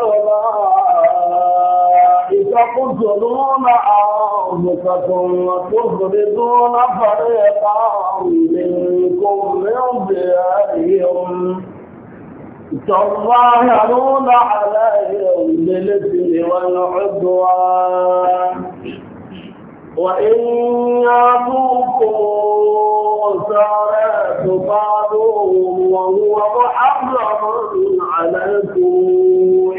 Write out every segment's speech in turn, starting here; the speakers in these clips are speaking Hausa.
أولئك تقتلون أنفسكم وتخرجون فريقا منكم من ديارهم تظاهرون عليهم بالإثم والعدوان وإن يأتوكم أسارى تطالوهم وهو محرم عليكم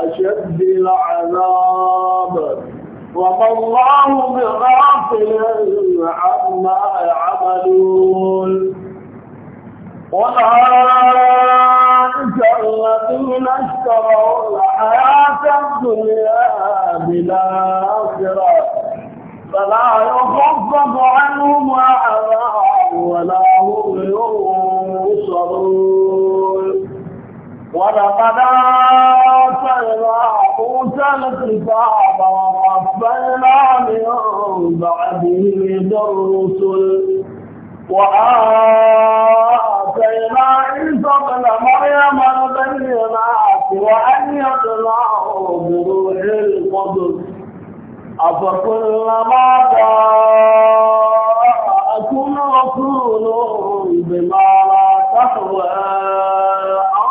أشد العذاب وما الله بغافل عما يعملون أولئك الذين اشتروا الحياة الدنيا بالآخرة فلا يخفف عنهم عذاب ولا هم ينصرون ولقد آتينا موسى الكتاب وقفينا من بعده بالرسل وآتينا عيسى ابن مريم البينات يطلعوا بروح القدس أفكلما جاءكم رسول بما لا تهوى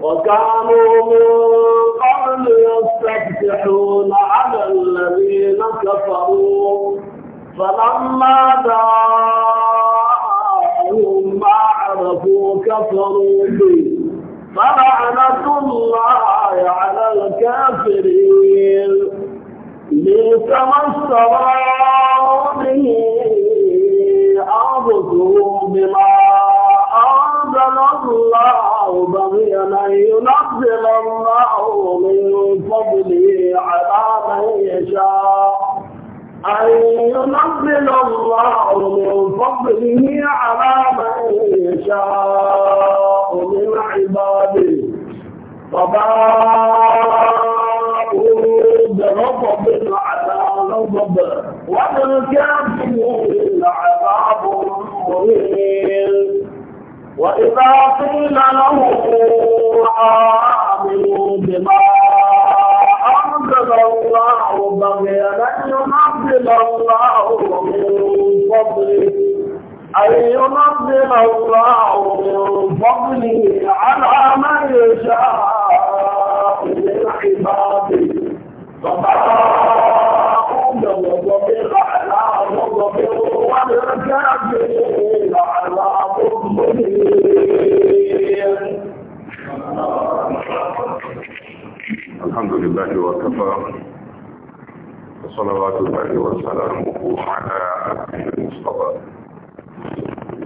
وكانوا من قبل يستفتحون على الذين كفروا فلما جاءهم ما عرفوا كفروا به فلعنة الله على الكافرين بئس ما اشتروا به أنفسهم بما ينزل الله بغيا أن ينزل الله من فضله على من يشاء أن ينزل الله من فضله على من يشاء من عباده فباءوا بغضب على غضب وللكافرين عذاب مهين وإذا قيل له آمنوا بما أنزل الله بغيا أن ينزل الله من فضله أن ينزل الله من فضله على من يشاء من عباده فباءوا بغضب على غضب الحمد لله وكفى وصلوات الله وسلامه على عبده المصطفى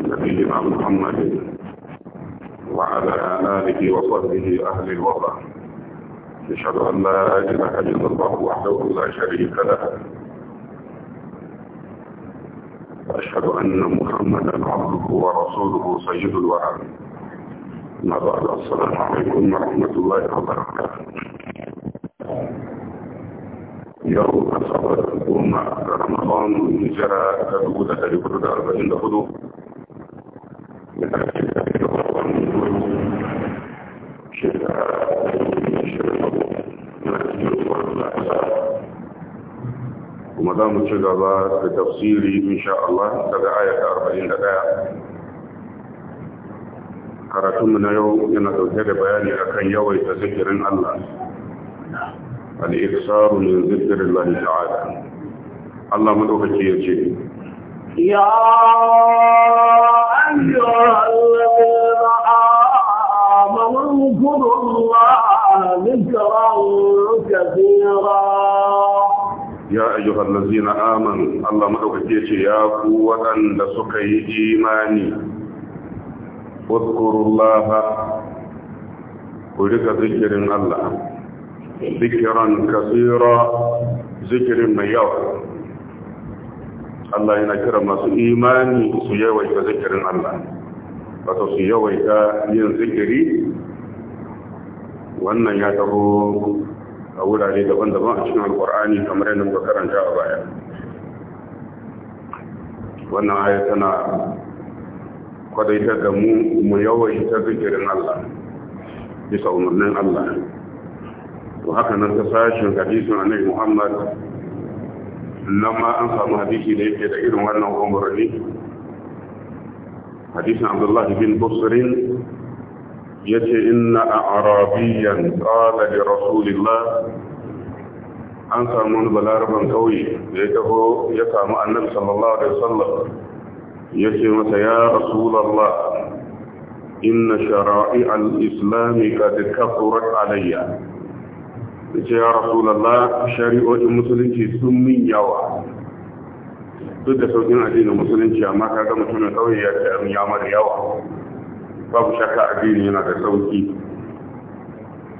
نبينا محمد وعلى آله وصحبه أهل الوطن أشهد أن لا إله إلا الله وحده لا شريك له أشهد أن محمدا عبده ورسوله سيد الوعد ما بعد السلام عليكم ورحمة الله وبركاته يوم أصبر الأمة رمضان جرى تدود تجبر أربعين دخلوا شكرا شكرا kuma za mu ci gaba da tafsiri insha Allah daga ayata 41 karatunmu na yau yana dauke da bayani akan yawaita zikirin Allah al-iksaru min zikrillah ta'ala Allah madaukake yace ya ayyuhal ayyuhal ladzina amanu Allah madaukake ce ya ku waɗanda suka yi imani wadkurullaha ku rika zikirin Allah zikiran kasira zikirin mai yawa Allah yana kira masu imani su yawaita zikirin Allah wato su yawaita yin zikiri wannan ya taho a wurare daban-daban a cikin alkur'ani kamar yadda muka karanta a baya wannan aya tana kwadaitar da mu mu ta zikirin Allah bisa umarnin Allah to haka nan ta sashin hadisin annabi Muhammad nan ma an samu hadisi da yake da irin wannan umarni hadisin Abdullah bin Busrin Ya yace inna a'rabiyan qala li rasulillah an samu balaraban kauye da ya taho ya samu annabi sallallahu alaihi wasallam ce masa ya rasulullah inna shara'i al-islam qad kafurat alayya yace ya rasulullah shari'o'in musulunci sun min yawa duk da saukin addinin musulunci amma ka ga mutumin kauye ya ce an yamar yawa babu shakka addini yana da sauki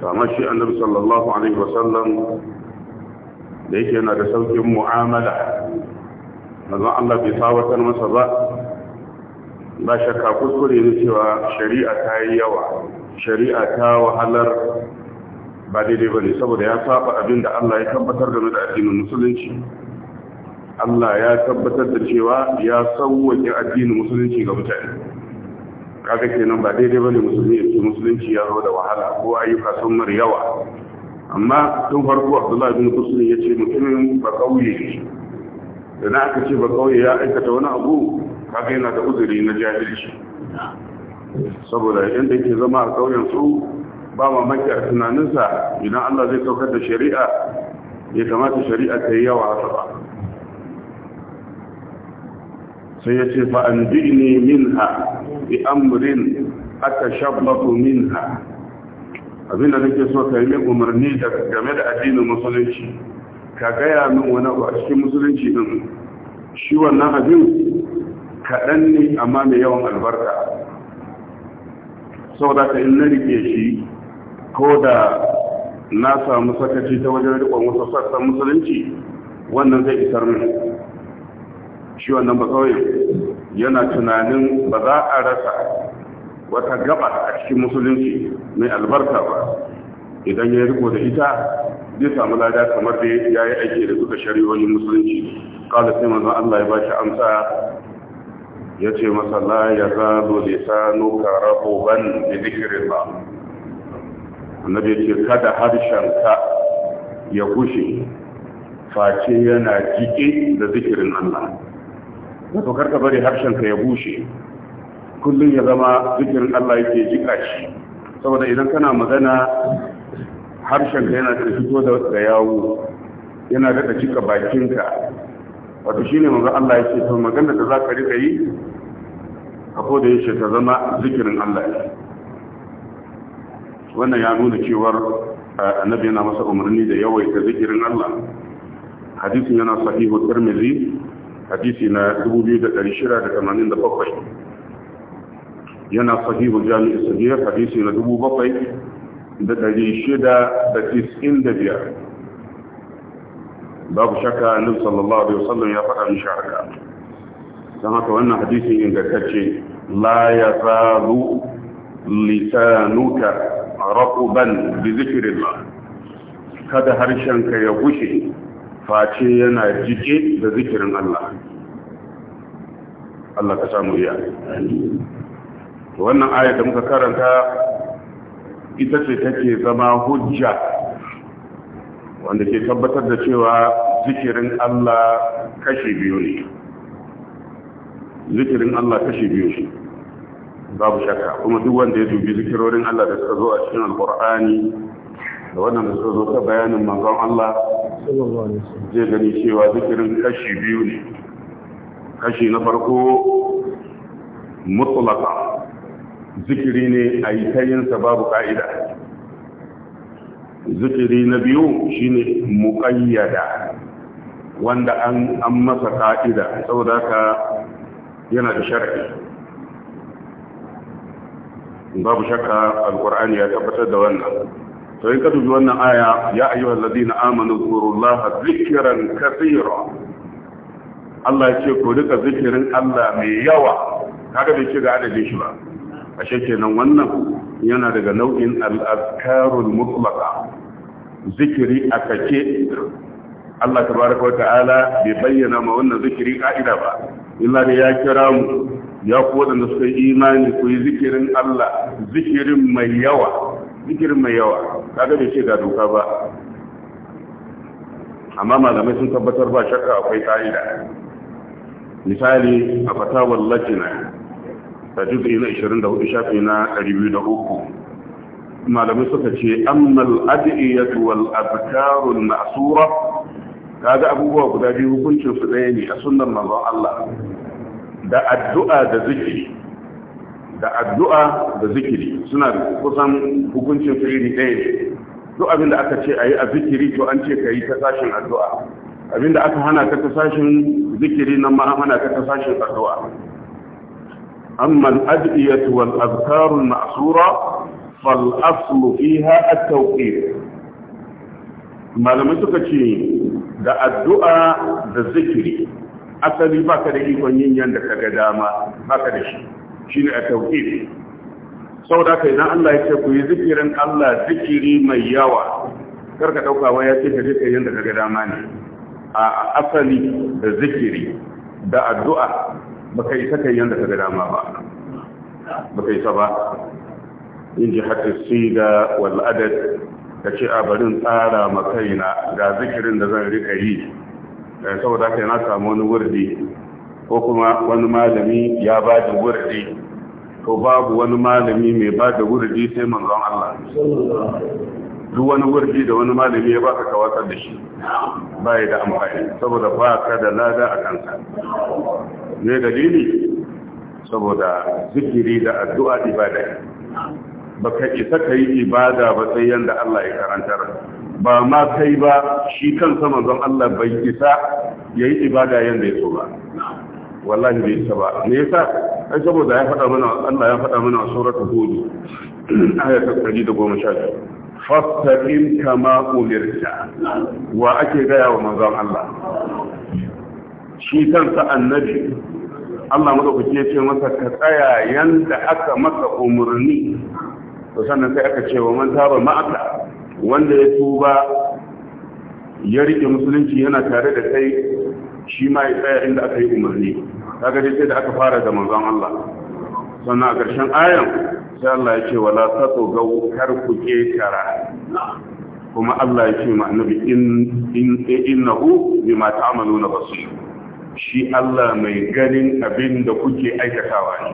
kamar shi annabi sallallahu alaihi wasallam da yake yana da saukin mu'amala mazan Allah bai sawatar masa ba ba shakka kuskure ne cewa shari'a ta yi yawa shari'a ta wahalar ba daidai ba ne saboda ya saba abin da Allah ya tabbatar game da addinin musulunci Allah ya tabbatar da cewa ya sauwake addinin musulunci ga mutane kaga kenan ba daidai bane musulmi yake musulunci ya zo da wahala ko ayyuka sun mar yawa amma tun farko abdullahi bin kusur ya ce mutumin ba kauye da na aka ce ba kauye ya aikata wani abu kaga yana da uzuri na jahilci saboda yadda ke zama a kauyen su ba mamaki a tunaninsa idan allah zai saukar da shari'a ya kamata shari'a ta yi yawa haka ba sai ya ce fa'an jini minha bi amrin aka shabbatu minha Abin da nake so ka yi umarni game da addinin musulunci ka gaya min wani abu a cikin musulunci din shi wannan abin kaɗan ne amma mai yawan albarka sau da ka in na rike shi ko da na samu sakaci ta wajen rikon wasu sassan musulunci wannan zai isar min shi wannan ba yana tunanin ba za a rasa wata gaba a cikin musulunci mai albarka ba idan ya riko da ita zai samu lada kamar da ya yi aiki da duka shari'o'in musulunci kala sai manzon Allah ya bashi amsa ya ce masa la ya zalo lisanu ka da zikirin ba annabi ya ce kada harshen ka ya kushe face yana jike da zikirin Allah to ka bari harshen ka ya bushe kullum ya zama zikirin Allah yake jika shi saboda idan kana magana harshen ka yana da fito da yawo yana da cika bakinka wato shine manzo Allah yake to magana da zaka rika yi a koda yake ta zama zikirin Allah wannan ya nuna cewar eh, annabi yana masa umarni da yawaita zikirin Allah hadisin yana sahihu tirmidhi hadisi na 2687 yana sahihu jami'i sahihar hadisi na 7695 babu shakka annabi sallallahu alaihi wasallam ya faɗa mishi haka don haka wannan hadisin ingantacce la ya zalu lisanuka raquban bi zikrillah kada harshenka ya gushe face yana jike da zikirin Allah Allah ka samu ya wannan aya da muka karanta ita ce take zama hujja wanda ke tabbatar da cewa zikirin Allah kashi biyu ne zikirin Allah kashi biyu ne babu shakka kuma duk wanda ya dubi zikirorin Allah da suka zo a cikin alkur'ani da wannan da suka zo ta bayanin manzon Allah zai gani cewa zikirin kashi biyu ne kashi na farko mutulaka zikiri ne a yi tayinsa babu ƙa'ida zikiri na biyu shine muƙayyada wanda an masa ƙa'ida saboda ka yana da shar'i babu shakka alkur'ani ya tabbatar da wannan to in ka dubi wannan aya ya ayyuhal ladina amanu zkurullaha zikran kaseera Allah ya ce ku duka zikirin Allah mai yawa kaga bai ce ga adadin shi ba ashe kenan wannan yana daga nau'in al-azkarul mutlaqa zikiri akake Allah tabaaraka wa ta'ala bai bayyana ma wannan zikiri ka'ida ba illa da ya kira mu ya ku wadanda suka yi imani ku yi zikirin Allah zikirin mai yawa zikirin mai yawa kaga bai ce ga doka ba amma malamai sun tabbatar ba shakka akwai ka'ida misali a fatawar latina ta juzi na 24 shafi na 203 malamai suka ce ammal adiyatu wal azkarul ma'sura kaga abubuwa guda biyu hukuncin su ɗaya ne a sunnar manzon Allah da addu'a da zikiri da addu'a da zikiri suna kusan hukuncin su ɗaya ne duk abin da aka ce a yi a zikiri to an ce ka yi ta sashin addu'a abin da aka hana ka ta sashin zikiri nan ma an hana ka ta sashin addu'a amma al'adiyatu wal azkarul ma'sura fal aslu fiha at-tawqif malamai suka ce da addu'a da zikiri asali baka da ikon yin yanda ka ga dama baka da shi shine a tauhid saboda kai idan Allah ya ce ku yi zikirin Allah zikiri mai yawa karka dauka wai ya ce ka rika yanda kaga dama ne a asali da zikiri da addu'a baka yi kai yanda kaga dama ba baka yi ba in ji hatta sida wal adad ka ce a barin tsara makaina ga zikirin da zan rika yi eh, saboda kai na samu wani wurdi ko kuma wani malami ya ba da wurdi to babu wani malami mai ba da wurdi sai manzon Allah duk wani wurdi da wani malami ya baka ka watsar da shi ba ya da amfani saboda ba ka da lada a kanka ne dalili saboda zikiri da addu'a ibada Ba ka isa ka yi ibada ba sai yanda Allah ya karantar ba ma kai ba shi kansa manzon Allah bai isa ya yi ibada yanda ya so ba wallahi bai isa ba me yasa ai saboda ya faɗa mana Allah ya faɗa mana a suratul hud aya ta 112 fastaqim kama umirta wa ake gaya wa manzon Allah shi kansa annabi Allah madaukake ya ce masa ka tsaya yanda aka maka umurni to sannan sai aka ce wa man taba ma'aka wanda ya tuba ya rike musulunci yana tare da kai shi ma ya tsaya inda aka yi umarni Ta dai sai da aka fara da manzon Allah sannan a ƙarshen ayan sai Allah ya ce wala tatugau wukar ku ketara kuma Allah ya ce ma annabi in in ta amalu na basu shi Allah mai ganin abin da kuke aikatawa ne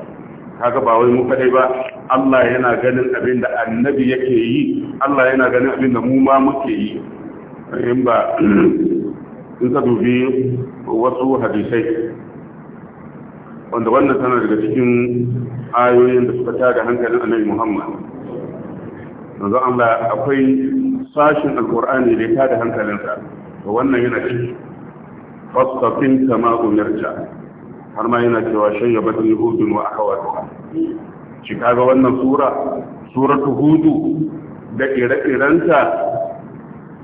kaga ba wai mu kadai ba Allah yana ganin abin da annabi yake yi Allah yana ganin abin da mu ma muke yi in in ka dubi wasu hadisai wanda wannan tana daga cikin ayoyin da suka tada hankalin annabi muhammad yanzu allah akwai sashin alkur'ani da ya tada hankalinsa to wannan yana ciki fasafin kama umarta har ma yana cewa shayya batun yahudun wa akawatuwa shi kaga wannan sura suratu hudu da ire-irenta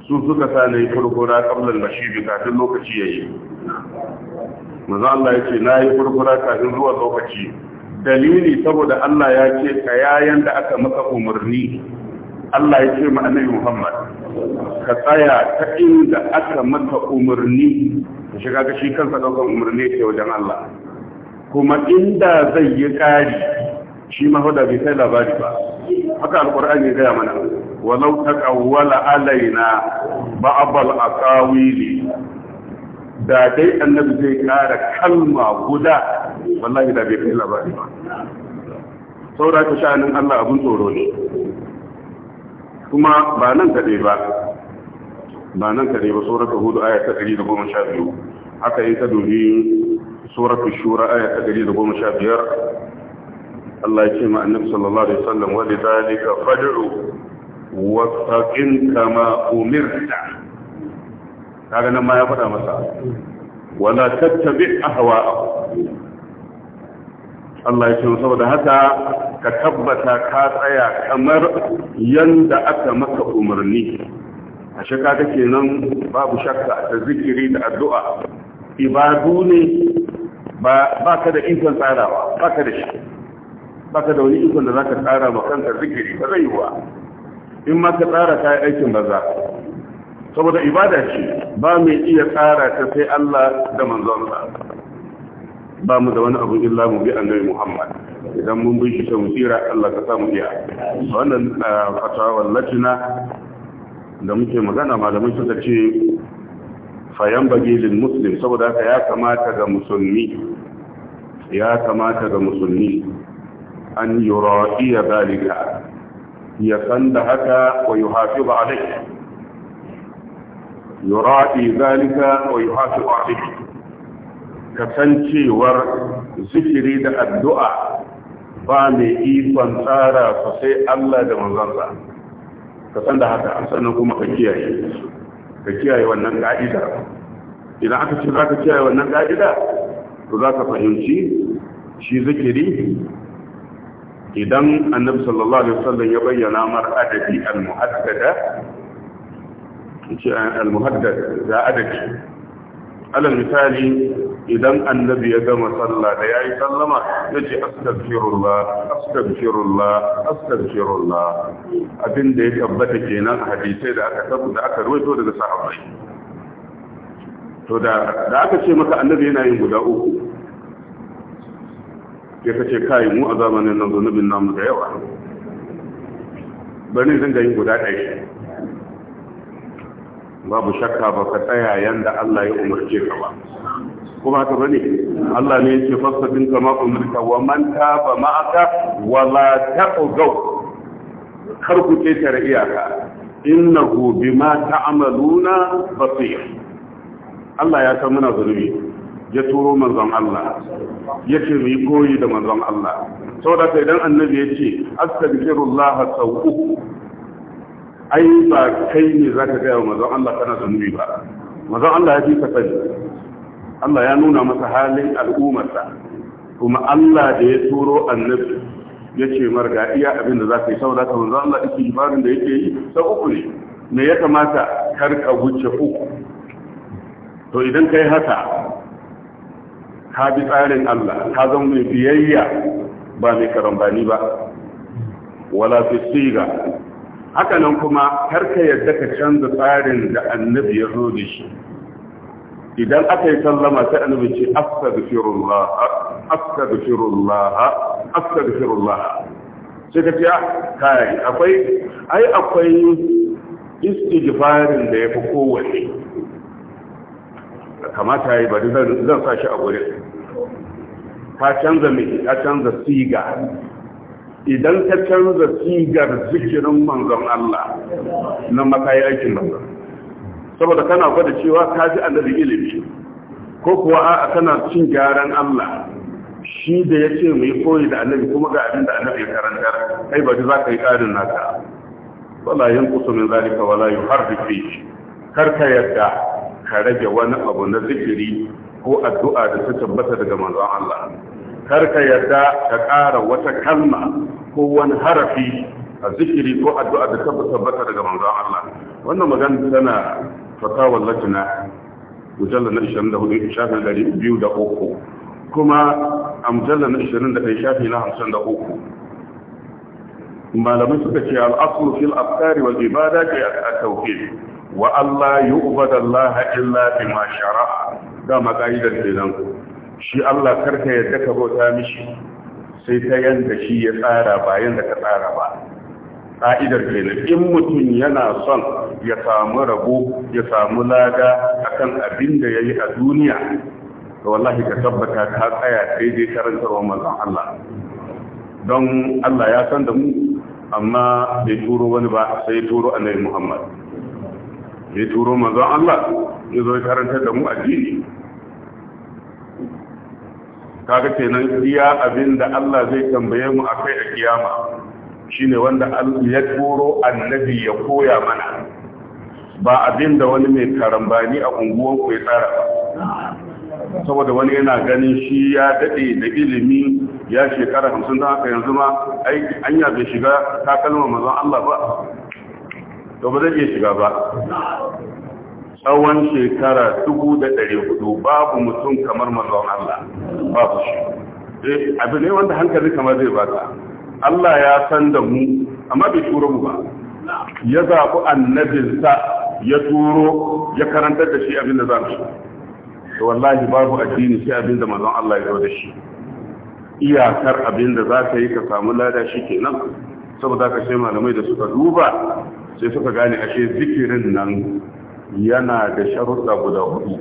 su suka sa na yi da shi bi kafin lokaci ya yi maza Allah ya ce na yi furfura kafin zuwa lokaci dalili saboda Allah ya ce ka yayan da aka maka umarni Allah ya ce ma annabi Muhammad ka tsaya ta inda aka maka umarni ka shiga ka shi kansa daukan umarni ke wajen Allah kuma inda zai yi kari shi ma bai labari ba haka alkur'ani ya gaya mana ولو تقول علينا بعض الأقاويل da dai annabi zai kara kalma guda wallahi da bai kai labari ba saura ta Allah abun tsoro ne kuma ba nan kaɗai ba ba nan kaɗai ba suratul hud aya ta 112 haka in ka dubi suratul shura aya ta 115 Allah ya ce annabi sallallahu alaihi fad'u wasaqin kama umirta kaga nan ma ya faɗa masa wala tattabi ahwa Allah ya ce saboda haka ka tabbata ka tsaya kamar yanda aka maka umarni a shaka take nan babu shakka ta zikiri da addu'a ibadu ne ba ka da ikon tsarawa ba ka da shi ba ka da wani ikon da za ka tsara ma kanka zikiri ba zai yi wa in ma ka tsara ka aikin banza saboda ibada ce ba mai iya tsara ta sai Allah da manzonsa ba mu da wani abu illa mu bi annabi Muhammad idan mun bi shi ta musira Allah ka samu iya wannan ah, fatawar latina da muke magana malamai suka ce fayan bagilin muslim saboda haka ya kamata ga musulmi ya kamata ga musulmi an yura iya zalika ya san da haka wa yuhafizu alai yura'i zalika wa yuhafizu alai kasancewar zikiri da addu'a ba mai ikon tsara sai Allah da manzansa ka san da haka sannan kuma ka kiyaye ka kiyaye wannan ka'ida idan aka ce za ka kiyaye wannan ka'ida to za ka fahimci shi zikiri idan annabi sallallahu alaihi wasallam ya bayyana mar adadi al-muhaddada ce al-muhaddada za adadi alal misali idan annabi ya gama sallah da yayi sallama yace astaghfirullah astaghfirullah astaghfirullah abin da ya tabbata kenan a hadisai da aka tabbata da aka ruwaito daga sahabbai to da da aka ce maka annabi yana yin guda uku sai ka ce kai mu a zamanin nan zunubin namu da yawa bari zan ga yin guda ɗaya babu shakka ba ka tsaya yanda Allah ya umarce ka ba kuma haka bane Allah ne yake fasabin kama umarta wa man taba ma'aka wala taqaw kar ku ce iyaka innahu bima ta'maluna basir Allah ya san muna zunubi. ya turo manzon Allah ya ce mu yi koyi da manzon Allah saboda kai idan annabi ya ce astaghfirullah sau uku ai ba kai ne zaka ga manzon Allah kana da zanubi ba manzon Allah ya fi ka sani Allah ya nuna masa halin al'ummarsa kuma Allah da ya turo annabi ya ce marga iya abinda da za ka yi saboda ka manzon Allah istighfarin da yake yi sau ne me ya kamata kar ka wuce uku to idan kai haka ka bi tsarin Allah ka zan mai biyayya ba mai karambani ba wala fi siga haka nan kuma har ka yadda ka canza tsarin da annabi ya zo da shi idan aka yi sallama sai annabi ce astaghfirullah astaghfirullah astaghfirullah sai ka ce ah, kai akwai ai akwai istighfarin da fi kowanne kamata yi zan sa shi a gurin ka canza mai ka canza siga idan ka canza sigar zikirin manzon Allah na makayi aikin manzon saboda kana gwada cewa ka ji annabi ilimi ko kuwa a kana cin gyaran Allah shi da ya ce mai koyi da annabi kuma ga abin da annabi ya karanta. kai ba za ka yi ƙarin naka wala kusa min zalika wala yuharrik fi kar ka yarda ka rage wani abu na zikiri ko addu'a da ta tabbata daga manzon Allah kar ka yarda ka ƙara wata kalma ko wani harafi a zikiri ko addu'a da tabbata daga manzon Allah wannan magana tana fatawar latina mujallar na 24 shafin 203 kuma a mujallar na 21 shafi na 53 malamai suka ce al'asulu fil afkari wal ibada ke a tauke wa Allah yi ubadar laha illa fi ma shara'a da ka'idar ku. shi Allah karka yarda ka bauta mishi sai ta yanda shi ya tsara bayan da ka tsara ba ƙa'idar kenan in mutum yana son ya samu rabo ya samu lada akan abin da ya yi a duniya to wallahi ka tabbata ka tsaya sai karanta wa manzon Allah don Allah ya san da mu amma bai turo wani ba sai turo annabi Muhammad bai turo manzon Allah ya zo karantar da mu addini kaga kenan iya abin da Allah zai tambaye mu akai a kiyama shine wanda ya turo annabi ya koya mana ba abin da wani mai karambani a unguwarku ya tsara ba saboda wani yana ganin shi ya daɗe da ilimi ya shekara 50 don haka yanzu ma anya bai shiga takalma manzon Allah ba to ba zai iya shiga ba tsawon shekara dubu da ɗari hudu babu mutum kamar mazaun Allah babu shi eh abu ne wanda hankali kamar zai bata. Allah ya san da mu amma bai turo mu ba ya zaɓi annabinsa ya turo ya karantar da shi abin da za mu Da wallahi babu addini sai abin da Allah ya zo da shi iyakar abin da za ka yi ka samu lada shi ke nan saboda ka sai malamai da suka duba sai suka gane ashe zikirin nan yana da sharuɗa guda hudu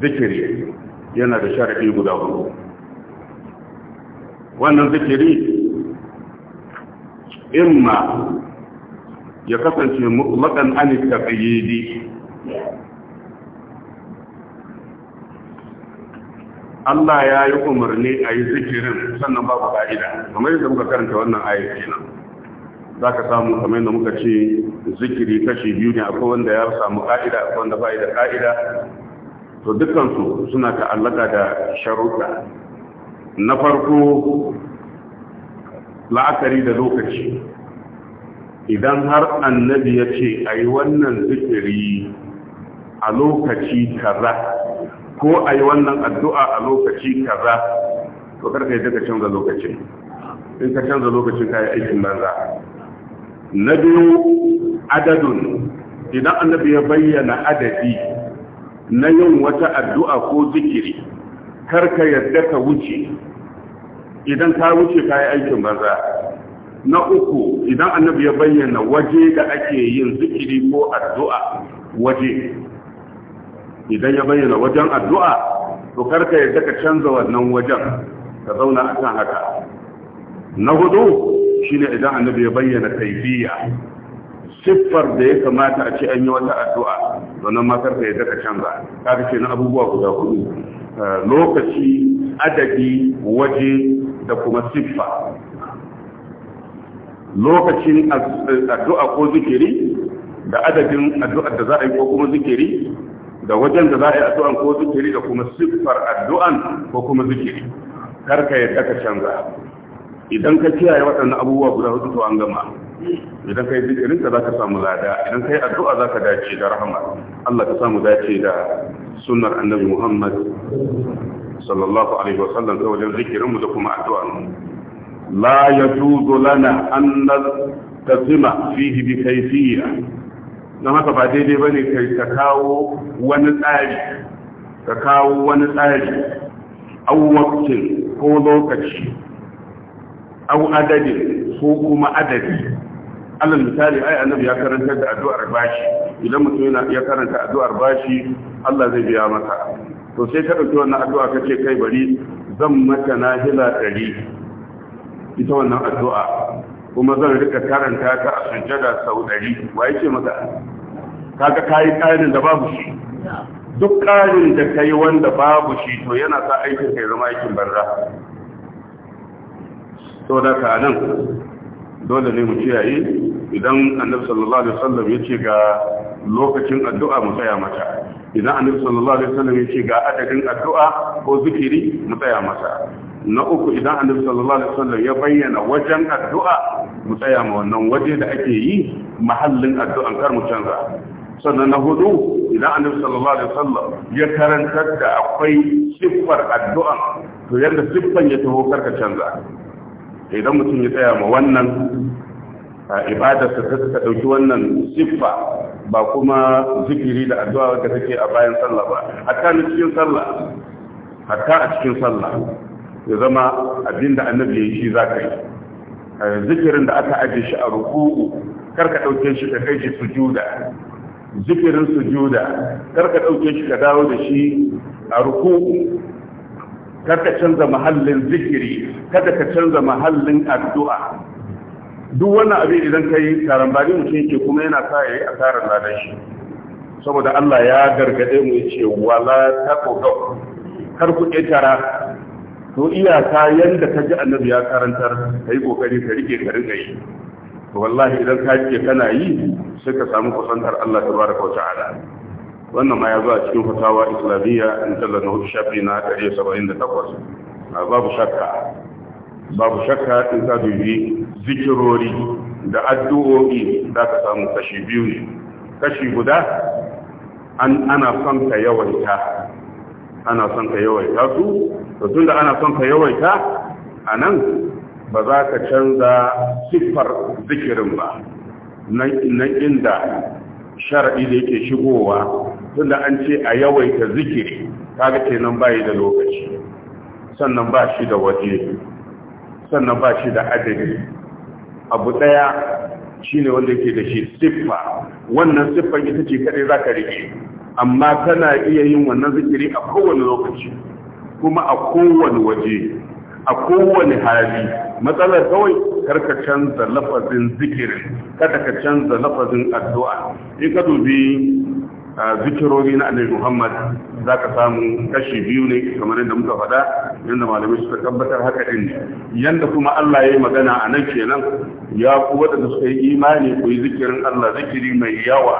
zikiri yana da sharuɗi guda hudu wannan zikiri imma ya kasance mutlaƙan alifta ƙayyidi Allah ya yi umarni a yi zikirin sannan babu ƙa'ida kamar yadda muka karanta wannan ayyuki za ka samu kamar yadda muka ce zikiri kashi biyu ne akwai wanda ya samu ka'ida akwai wanda bai da ka'ida to dukansu suna ta'allaka da sharuɗa na farko la'akari da lokaci idan har annabi ya ce a yi wannan zikiri a lokaci kaza ko a yi wannan addu'a a lokaci kaza to karka yi daga canza lokacin in ka canza lokacin ka yi aikin banza na biyu adadun idan annabi ya bayyana adadi na yin wata addu'a ko zikiri karka yadda ka wuce idan ka wuce ka yi aikin banza na uku idan annabi ya bayyana waje da ake yin zikiri ko addu'a waje idan ya bayyana wajen addu'a to kar ka yadda ka canza wannan wajen ka zauna akan haka na hudu shine idan annabi ya bayyana kaifiya siffar da ya kamata a ce an yi wata addu'a wannan matar ka ya ka canza kaga ce na abubuwa guda hudu eh, lokaci adadi waje da kuma siffa lokacin addu'a ko zikiri da adadin addu'a da za a yi ko kuma zikiri da wajen da za a yi addu'an ko zikiri da kuma siffar addu'an ko kuma zikiri karka ya ka canza idan ka kiyaye waɗannan abubuwa guda hudu to an gama idan ka kai zikirin ka zaka samu lada idan ka yi addu'a za ka dace da rahama Allah ka samu dace da sunnar annabi Muhammad sallallahu alaihi wasallam ta wajen zikirin da kuma addu'a la ya yajuzu lana an tasima fihi bi kayfiyya don haka ba daidai ba ne, ka kawo wani tsari ka kawo wani tsari awwaqtin ko lokaci au adadin ko kuma adadi alal misali ai annabi ya karanta da addu'ar bashi idan mutum yana ya karanta addu'ar bashi Allah zai biya masa to sai ka dauki wannan addu'a ka ce kai bari zan maka nahila dari ita wannan addu'a kuma zan rika karanta ta a sujjada sau dari wa yake maka kaga kayi karin da babu shi duk karin da kai wanda babu shi to yana sa aikin kai zama aikin barra to da ka nan dole ne mu kiyaye idan annabi sallallahu alaihi wasallam ya ce ga lokacin addu'a mu tsaya mata idan annabi sallallahu alaihi wasallam ya ce ga adadin addu'a ko zikiri mu tsaya mata na uku idan annabi sallallahu alaihi wasallam ya bayyana wajen addu'a mu tsaya ma wannan waje da ake yi mahallin addu'an kar mu canza sannan na hudu idan annabi sallallahu alaihi wasallam ya karantar da akwai siffar addu'a to yadda siffan ya taho karka canza idan mutum ya tsaya ma wannan ibadarsa ta ta ɗauki wannan siffa ba kuma zikiri da addu'a da take a bayan sallah ba hatta na cikin sallah hatta a cikin sallah ya zama abinda annabi ya yi shi za ka zikirin da aka aje shi a ruku'u karka ɗauke shi ka kai shi sujuda zikirin sujuda karka ɗauke shi ka dawo da shi a ruku'u kada canza mahallin zikiri kada ka canza mahallin addu'a duk wannan abin idan kai karambani mutum yake kuma yana sa yayi asarar ladan shi saboda Allah ya gargade mu yace wala taqdu kar ku tara, to iyaka yanda ka ji annabi ya karantar kai kokari ka rike ka rinka yi to wallahi idan ka ji kana yi sai ka samu kusantar Allah tabaraka wa ta'ala wannan ma ya zo a cikin fatawa islamiyya in talla na hudu shafi na ɗari saba'in da takwas babu shakka babu shakka in za ka yi zikirori da addu'o'i za ka samu kashi biyu ne kashi guda an ana son ka yawaita ana son ka yawaita su to tun da ana son ka yawaita a nan ba za ka canza siffar zikirin ba nan inda sharaɗi da yake shigowa tunda an ce a yawaita zikiri kaga kenan bayi da lokaci sannan ba shi da waje sannan ba shi da adadi abu daya shine wanda yake da shi siffa wannan siffan ita ce kadai zaka rike amma kana iya yin wannan zikiri a kowane lokaci kuma a kowane waje a kowane hali matsalar kawai karka canza lafazin zikirin kada ka canza lafazin addu'a in ka dubi zikirori na annabi Muhammad za ka samu kashi biyu ne kamar yadda muka faɗa yadda malamai suka tabbatar haka ɗin ne yadda kuma Allah ya yi magana a nan kenan ya ku waɗanda suka yi imani ku yi zikirin Allah zikiri mai yawa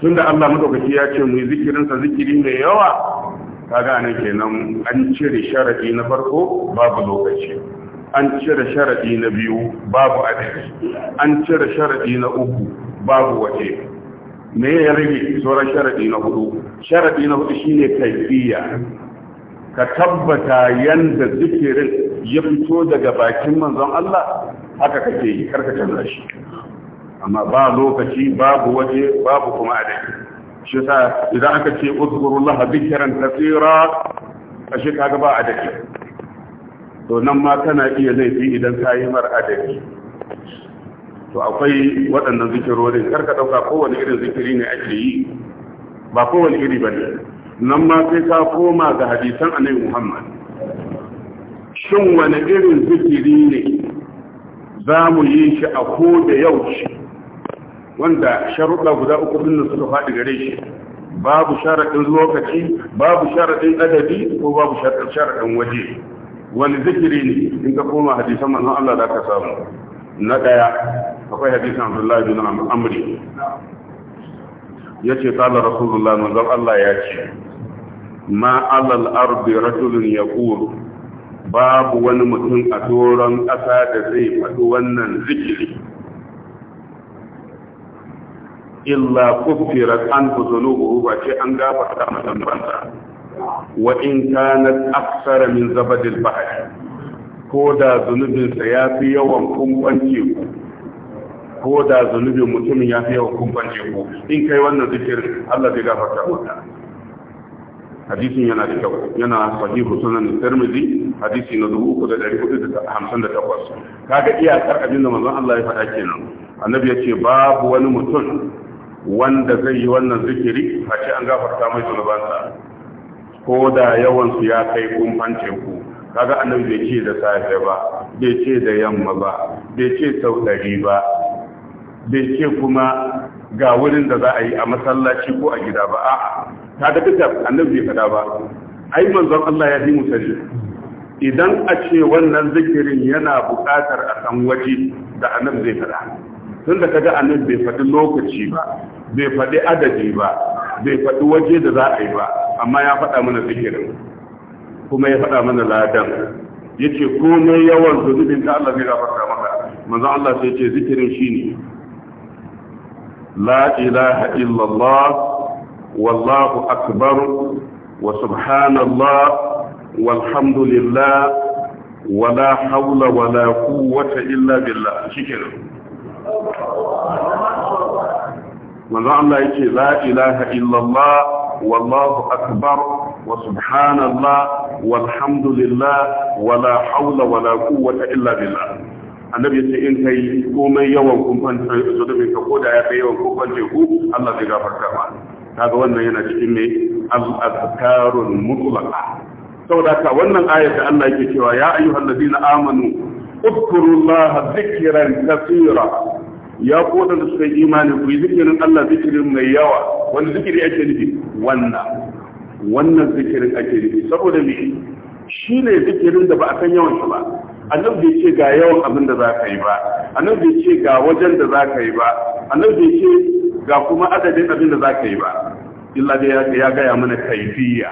tunda Allah madaukaki ya ce mu yi zikirinsa zikiri mai yawa kaga anan kenan an cire sharadi na farko babu lokaci an cire sharadi na biyu babu adadi an cire sharadi na uku babu waje me ya rage sauran sharaɗi na hudu sharaɗi na hudu shine kaifiya ka tabbata yadda zikirin ya fito daga bakin manzon Allah haka kake yi karka canza shi amma ba lokaci babu waje babu kuma adadi shi sa idan aka ce uzkurullah dhikran kaseera ashe kaga ba adadi to nan ma kana iya laifi idan ka yi mar adadi to akwai waɗannan zikirorin karka ɗauka kowane irin zikiri ne ake yi ba kowane iri ba ne nan ma sai ka koma ga hadisan annabi muhammad shin wani irin zikiri ne za mu yi shi a ko da yaushe wanda sharuɗa guda uku ɗin suka faɗi gare shi babu sharaɗin lokaci babu sharaɗin adadi ko babu sharaɗin waje wani zikiri ne in ka koma hadisan manzon Allah za ka samu na ɗaya akwai hadisin abdullahi bin amri ya ce kala rasulullah manzon Allah ya ce ma alal ardi ya yaqulu babu wani mutum a doron ƙasa da zai faɗi wannan zikiri illa kuffirat an zunubuhu ba ce an gafarta masa banza wa in kanat aksara min zabadil ko da zunubinsa ya fi yawan kumban ku. ko da zunubin mutumin ya fi yawan kumfan ku, in kai wannan zikirin Allah zai gafarta maka hadisin yana da kyau yana sahihu sunan tirmidhi hadisi na 3458 kaga iyakar abin da manzon Allah ya faɗa kenan annabi ya ce babu wani mutum wanda zai yi wannan zikiri a ce an gafarta mai zunubansa ko da yawan su ya kai kumfan ku, kaga annabi bai ce da safe ba bai ce da yamma ba bai ce sau ɗari ba bai ce kuma ga wurin da za a yi a masallaci ko a gida ba a'a ta da duka annabi bai fada ba ai manzon Allah ya yi musali idan a ce wannan zikirin yana buƙatar a san waje da annabi zai fada tun da kaga annabi bai faɗi lokaci ba bai faɗi adadi ba bai faɗi waje da za a yi ba amma ya faɗa mana zikirin kuma ya faɗa mana ladan yace komai yawan zubin da Allah zai gafarta maka manzon Allah sai ya ce zikirin shine لا إله إلا الله والله أكبر وسبحان الله والحمد لله ولا حول ولا قوة إلا بالله شكرا من الله يقول لا إله إلا الله والله أكبر وسبحان الله والحمد لله ولا حول ولا قوة إلا بالله annabi ya ce in kai komai yawan kumfan zunubin ka ko da ya kai yawan kumfan teku Allah zai gafarta ma kaga wannan yana cikin ne al-azkarul mutlaqa saboda ka wannan ayat da Allah yake cewa ya ayyuhal ladina amanu udkurullaha dhikran kaseera ya ko da suka yi imani ku zikirin Allah zikirin mai yawa wani zikiri ake nufi wannan wannan zikirin ake nufi saboda me shine zikirin da ba a san yawan shi ba annabi bai ce ga yawan abin da za ka yi ba annabi bai ce ga wajen da za ka yi ba annabi bai ce ga kuma adadin abin da za ka yi ba illa dai ya gaya mana kaifiya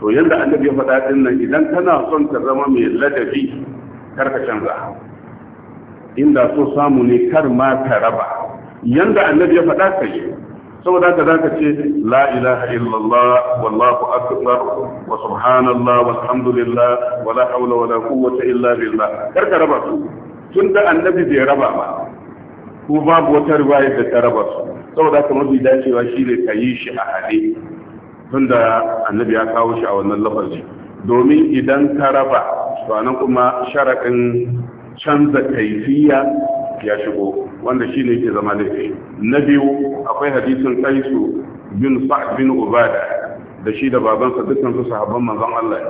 to yadda annabi ya faɗa din nan idan kana son ka zama mai ladabi kar ka canza inda so samu ne kar ma ka raba yanda annabi ya faɗa ka yi saboda haka zaka ce la ilaha illallah wallahu akbar wa subhanallah walhamdulillah wala hawla wala quwwata illa billah kar ka raba su tunda annabi bai raba ba ko babu wata riwaya da ta raba su saboda haka mafi dacewa shine ka yi shi a hade tunda annabi ya kawo shi a wannan lafazi domin idan ka raba to anan kuma sharaɗin canza kaifiya ya shigo wanda shi ne ke zama laifi na biyu akwai hadisin kaisu bin sa'ad bin ubada da shi da babansa dukkan su sahabban manzon Allah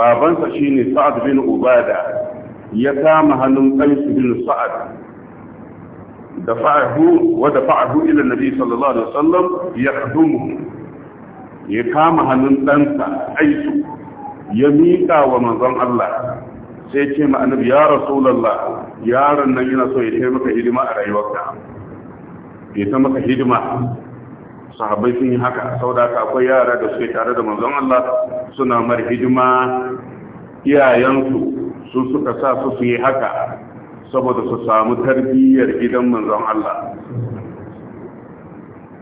babansa shine sa'ad bin ubada ya kama hannun kaisu bin sa'ad da fa'ahu wa da fa'ahu ila nabi sallallahu alaihi wasallam yakhdumuhu ya kama hannun ɗansa aisu ya miƙa wa manzon Allah sai ce ma annabi ya rasulullah yaron nan yana so ya taimaka maka hidima a rayuwarka ya ta maka hidima sahabbai sun yi haka sauda haka akwai yara da suke tare da manzon Allah suna mar hidima iyayensu su suka sa su su yi haka saboda su samu tarbiyyar gidan manzon Allah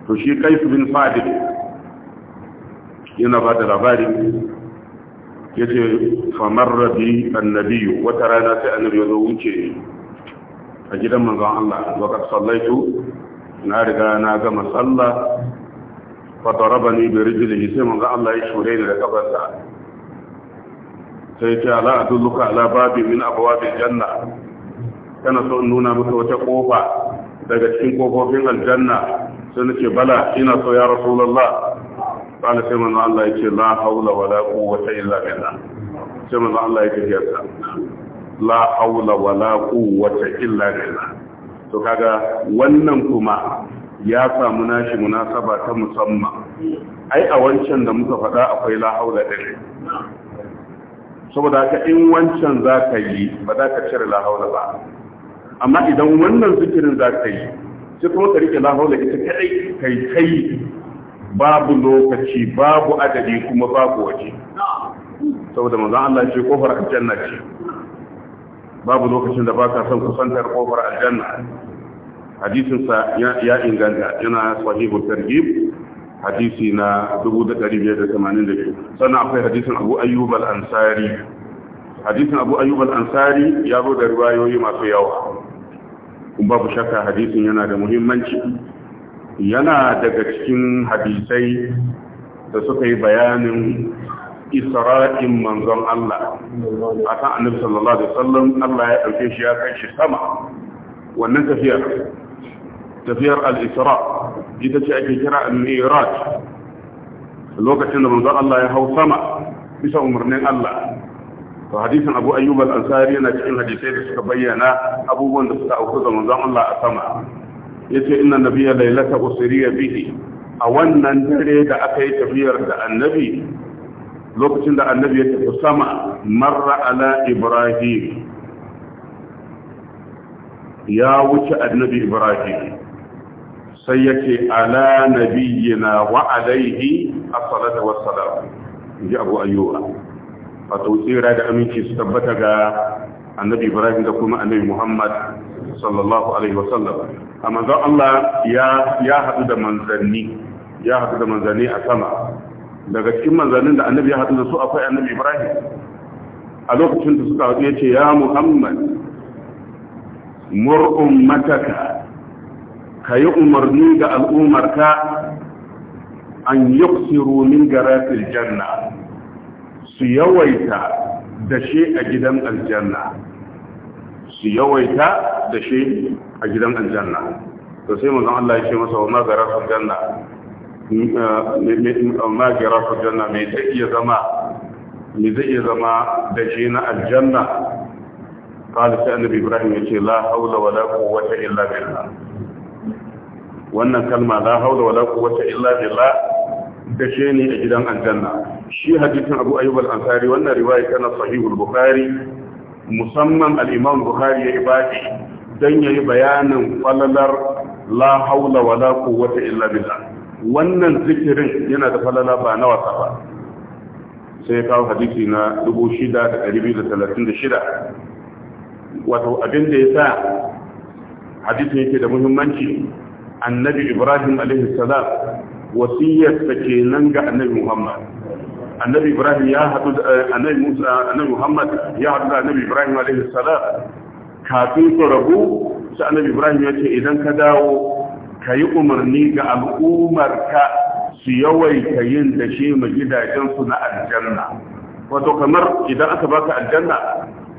to shi kaisu bin fadil yana ba da labari ya ce famar rabi annabiyu wata rana sai annabi ya zo wuce a gidan manzon Allah wakar sallaitu na riga na gama sallah fatarabani bi rijlihi sai manzon Allah ya shure ni da kafarsa sai ta ala adulluka ala babi min abwabil janna kana so nuna maka wata kofa daga cikin kofofin aljanna sai nace bala ina so ya rasulullah sai قال سيما الله يكي لا حول ولا قوة إلا Sai سيما Allah yake يسا haula حول ولا قوة إلا بالله to kaga wannan kuma ya samu nashi munasaba ta musamman ai a wancan da muka faɗa akwai la haula din saboda haka in wancan za ka yi ba za ka cire la haula ba amma idan wannan zikirin za ka yi sai kuma ka rike la haula ita kadai kai kai babu lokaci babu adadi kuma babu waje saboda manzon Allah ce kofar aljanna ce babu lokacin da baka son kusantar kofar aljanna hadisin sa ya inganta yana sahihu targhib hadisi na 1582 sannan akwai hadisin Abu Ayyub al-Ansari hadisin Abu Ayyub al-Ansari ya zo da riwayoyi masu yawa kuma babu shakka hadisin yana da muhimmanci yana daga cikin hadisai da suka yi bayanin isra'in manzon Allah a kan annabi sallallahu alaihi wasallam Allah ya dauke shi ya kai shi sama wannan tafiyar tafiyar al-isra ita ce ake kira al-miraj lokacin da manzon Allah ya hau sama bisa umarnin Allah to hadisin Abu Ayyub al-Ansari yana cikin hadisai da suka bayyana abubuwan da suka auku da manzon Allah a sama yace inna nabiyya laylata usriya bihi a wannan dare da aka yi tafiyar da annabi lokacin da annabi ya tafi sama marra ala ibrahim ya wuce annabi ibrahim sai yake ala nabiyyina wa alaihi as-salatu was-salam ji abu ayyuba wato tsira da aminci su tabbata ga annabi ibrahim da kuma annabi muhammad sallallahu alaihi wasallam a manzon Allah ya haɗu da manzanni ya haɗu da manzanni a sama daga cikin manzannin da annabi ya haɗu da su akwai annabi Ibrahim a lokacin da suka haɗu ya ce ya Muhammad mur ummataka yi umarni ga al'ummarka an yi yuksiru min garatil janna su yawaita da shi a gidan aljanna su yawaita da shi a gidan aljanna to sai manzon Allah ya ce masa wa magara su janna magara su janna mai zai iya zama mai zai iya zama da shi na aljanna قال سأل إبراهيم يقول لا حول ولا قوة illa بالله wannan kalma la haula wala quwwata illa billah da shi ne a gidan aljanna shi hadisin Abu Ayyub al-Ansari wannan riwaya tana sahihul Bukhari musamman al'imam buhari ya yi baki don ya yi bayanin falalar la haula wa la quwwata illa billah wannan zikirin yana da falala ba na wasa ba sai ya kawo hadisi na 6236 wato abin da ya sa hadisi yake da muhimmanci annabi ibrahim alaihi salam ke nan ga annabi muhammad annabi ibrahim ya haɗu da eh, annabi musa annabi muhammad ya haɗu da annabi ibrahim alaihi salam kafin su rabu sai annabi ibrahim ya ce idan ka dawo ka yi umarni ga al'ummarka su yawaita yin da shi ma gidajensu na aljanna wato kamar idan aka baka aljanna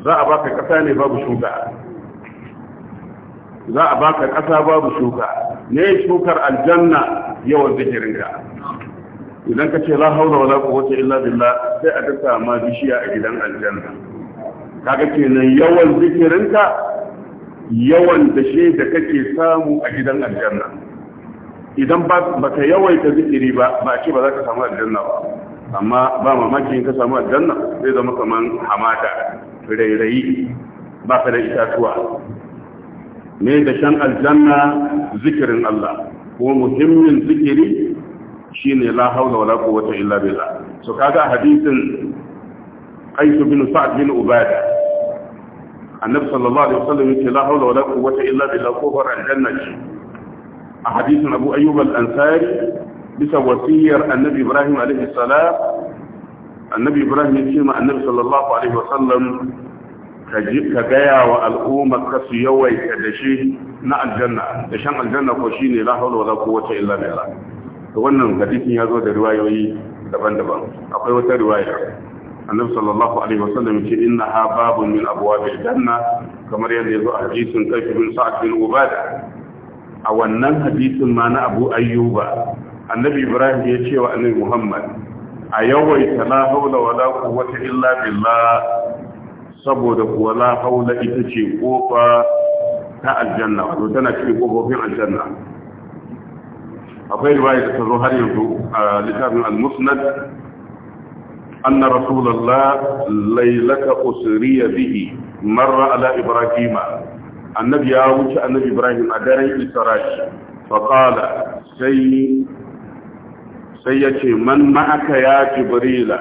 za a baka ƙasa ne babu shuka za a baka ƙasa babu shuka ne shukar aljanna yawan zikirinka idan ka ce la haula wala quwwata illa billah sai a dasa ma bishiya a gidan aljanna kaga kenan yawan zikirinka yawan da dashe da kake samu a gidan aljanna idan ba ka yawaita zikiri ba ba ce ba za ka samu aljanna ba amma ba mamaki ka samu aljanna zai zama kaman hamata, rairayi ba ka da itatuwa ne da shan aljanna zikirin Allah ko muhimmin zikiri shine la hawla wala quwwata illa billah so kaga hadisin qais bin sa'd bin ubada annabi sallallahu alaihi wasallam yake la hawla wala quwwata illa billah kofar aljannati a hadisin abu ayyub al-ansari bisa wasiyar annabi ibrahim alaihi salam annabi ibrahim yake ma annabi sallallahu alaihi wasallam ka gaya wa al'ummar ka su yawaita da shi na aljanna da shan aljanna ko shine la hawla wala quwwata illa billah to wannan hadisin ya zo da riwayoyi daban-daban akwai wata riwaya annabi sallallahu alaihi wasallam ce inna ha babun min abwabil janna kamar yadda yazo a hadisin kaifi bin sa'ad bin ubada a wannan hadisin ma na abu ayyuba annabi ibrahim ya ce wa annabi muhammad a yawaita la haula wala quwwata illa billah saboda kuwa la haula ita ce kofa ta aljanna wato tana cikin kofofin aljanna akwai riwaya da ta zo har yanzu a littafin al-musnad anna rasulullah lailata usriya bihi marra ala ibrahim annabi ya wuce annabi ibrahim a daren isra'i fa qala sai sai yace man ma'aka ya jibrila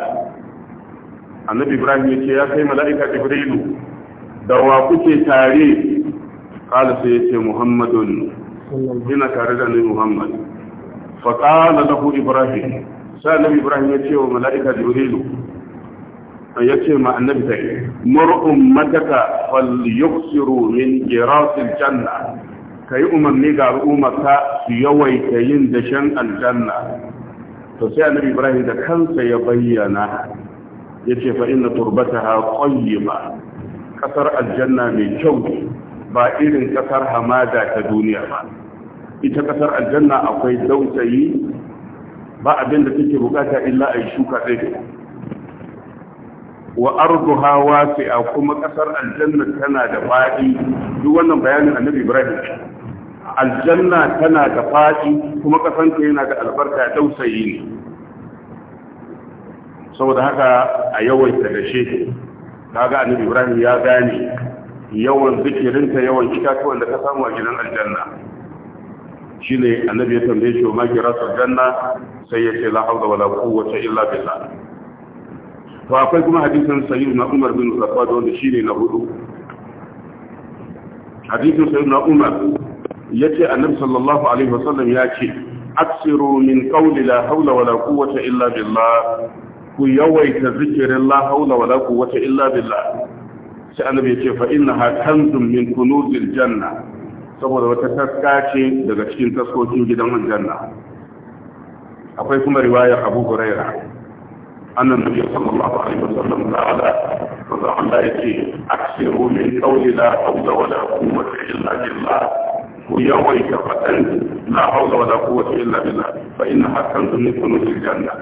annabi ibrahim yace ya kai mala'ika jibrilu da wa kuke tare qala sai yace muhammadun ina tare da annabi muhammad fa qala lahu ibrahim sai annabi ibrahim ya ce wa mala'ika jibrilu ya ce ma annabi sai mur ummataka janna kai umarni ga al'ummarka su yawaita yin dashen aljanna to sai annabi ibrahim da kansa ya bayyana ya ce fa inna turbataha qayyima kasar aljanna mai kyau ba irin kasar hamada ta duniya ba ita kasar aljanna akwai dausayi ba abin da take bukata illa a yi shuka ɗaya wa arduha wasi'a kuma kasar aljanna tana da faɗi duk wannan bayanin annabi ibrahim aljanna tana da faɗi kuma kasanta yana da albarka dausayi ne saboda haka a yawan tadashe kaga annabi ibrahim ya gane yawan zikirinta yawan itatuwan da ka samu a gidan aljanna ne annabi ya tambaye shi ma kira sa janna sai ya ce la hawla wala quwwata illa billah to akwai kuma hadisin sayyid na umar bin khattab wanda ne na hudu hadisin sayyid na umar yace annabi sallallahu alaihi wasallam ya ce aksiru min qawli la hawla wala quwwata illa billah ku yawaita zikirin la hawla wala quwwata illa billah sai annabi ya ce fa innaha kanzun min kunuzil janna saboda wata taska ce daga cikin taskokin gidan aljanna akwai kuma riwayar abu huraira annan nabi sallallahu alaihi wasallam da ala wanda Allah yake aksiru min qawli la hawla wada kowace illa billah ku yawaita fadan la hawla wada kowace illa billah fa ina hakan zunni kunu fil janna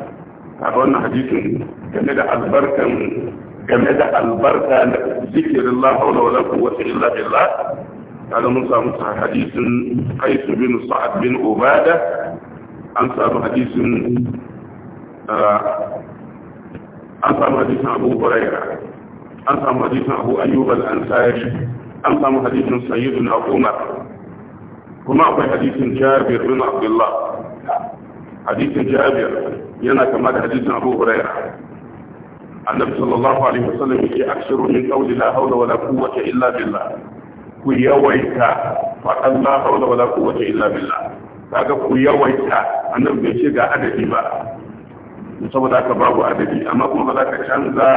kaga wannan hadisin game da albarkan game da albarka da zikirin la hawla wala quwwata illa billah قال موسى مصحى حديث قيس بن سعد بن عبادة أنصار حديث أنصار آه، حديث أبو هريرة أنصار حديث أبو أيوب الأنصاري أنصار حديث سيدنا عمر هما في حديث جابر بن عبد الله حديث جابر ينا كما حديث أبو هريرة النبي صلى الله عليه وسلم يأكثر من قول لا حول ولا قوة إلا بالله ku yawaita faɗan la haula ku quwwata illa billah kaga ku yawaita annabi bai ce ga adadi ba saboda haka babu adadi amma kuma ba za ka canza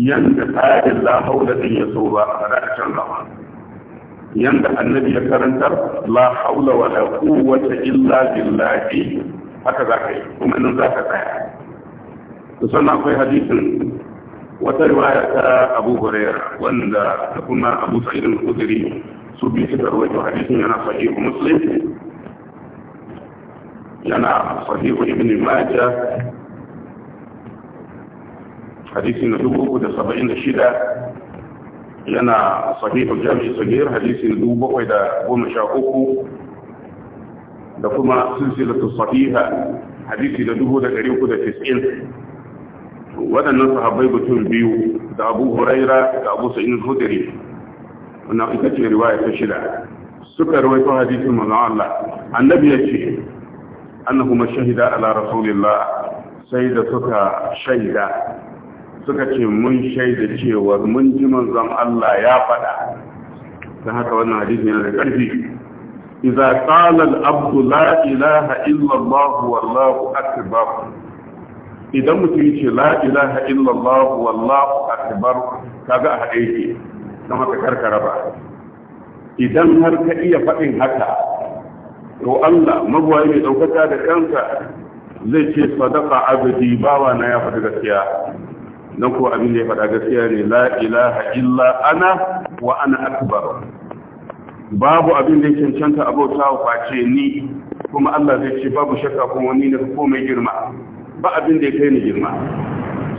yanda tsarin la haula din ya so ba ba za ka canza ba yanda annabi ya karantar la haula wala quwwata illa billah haka za ka yi kuma nan za ka tsaya sannan akwai hadisin وترواية أبو هريرة ولا تكون أبو سعيد الخدري سبي كتروي حديث لنا صحيح مسلم لنا صحيح ابن ماجه حديث نجوبه ده سبعين شدة لنا صحيح الجامع الصغير حديث نجوبه وإذا قوم شاقوه لكما سلسلة الصحيحة حديث نجوبه ده قريبه ده تسعين waɗannan sahabbai mutum biyu da abu huraira da abu sa'in hudari wannan ita ce riwaya ta shida suka rawaito hadisin manzo Allah annabi ya ce annahuma shahida ala rasulillah sai da suka shaida suka ce mun shaida cewa mun ji manzon Allah ya faɗa dan haka wannan hadisi yana da ƙarfi idza qala al-abdu la illa Allah wallahu akbar idan mutum yace la ilaha illallah wallahu akbar kaga a haɗe yake kama haka karkara ba idan har ka iya faɗin haka to Allah magwaye mai ɗaukaka da kansa zai ce sadaka abdi bawa na ya faɗi gaskiya dan ko abin da ya faɗa gaskiya ne la ilaha illa ana wa ana akbar babu abin da ya cancanta abota wa face ni kuma Allah zai ce babu shakka kuma ni ne ko mai girma ba abin da ya kai ni girma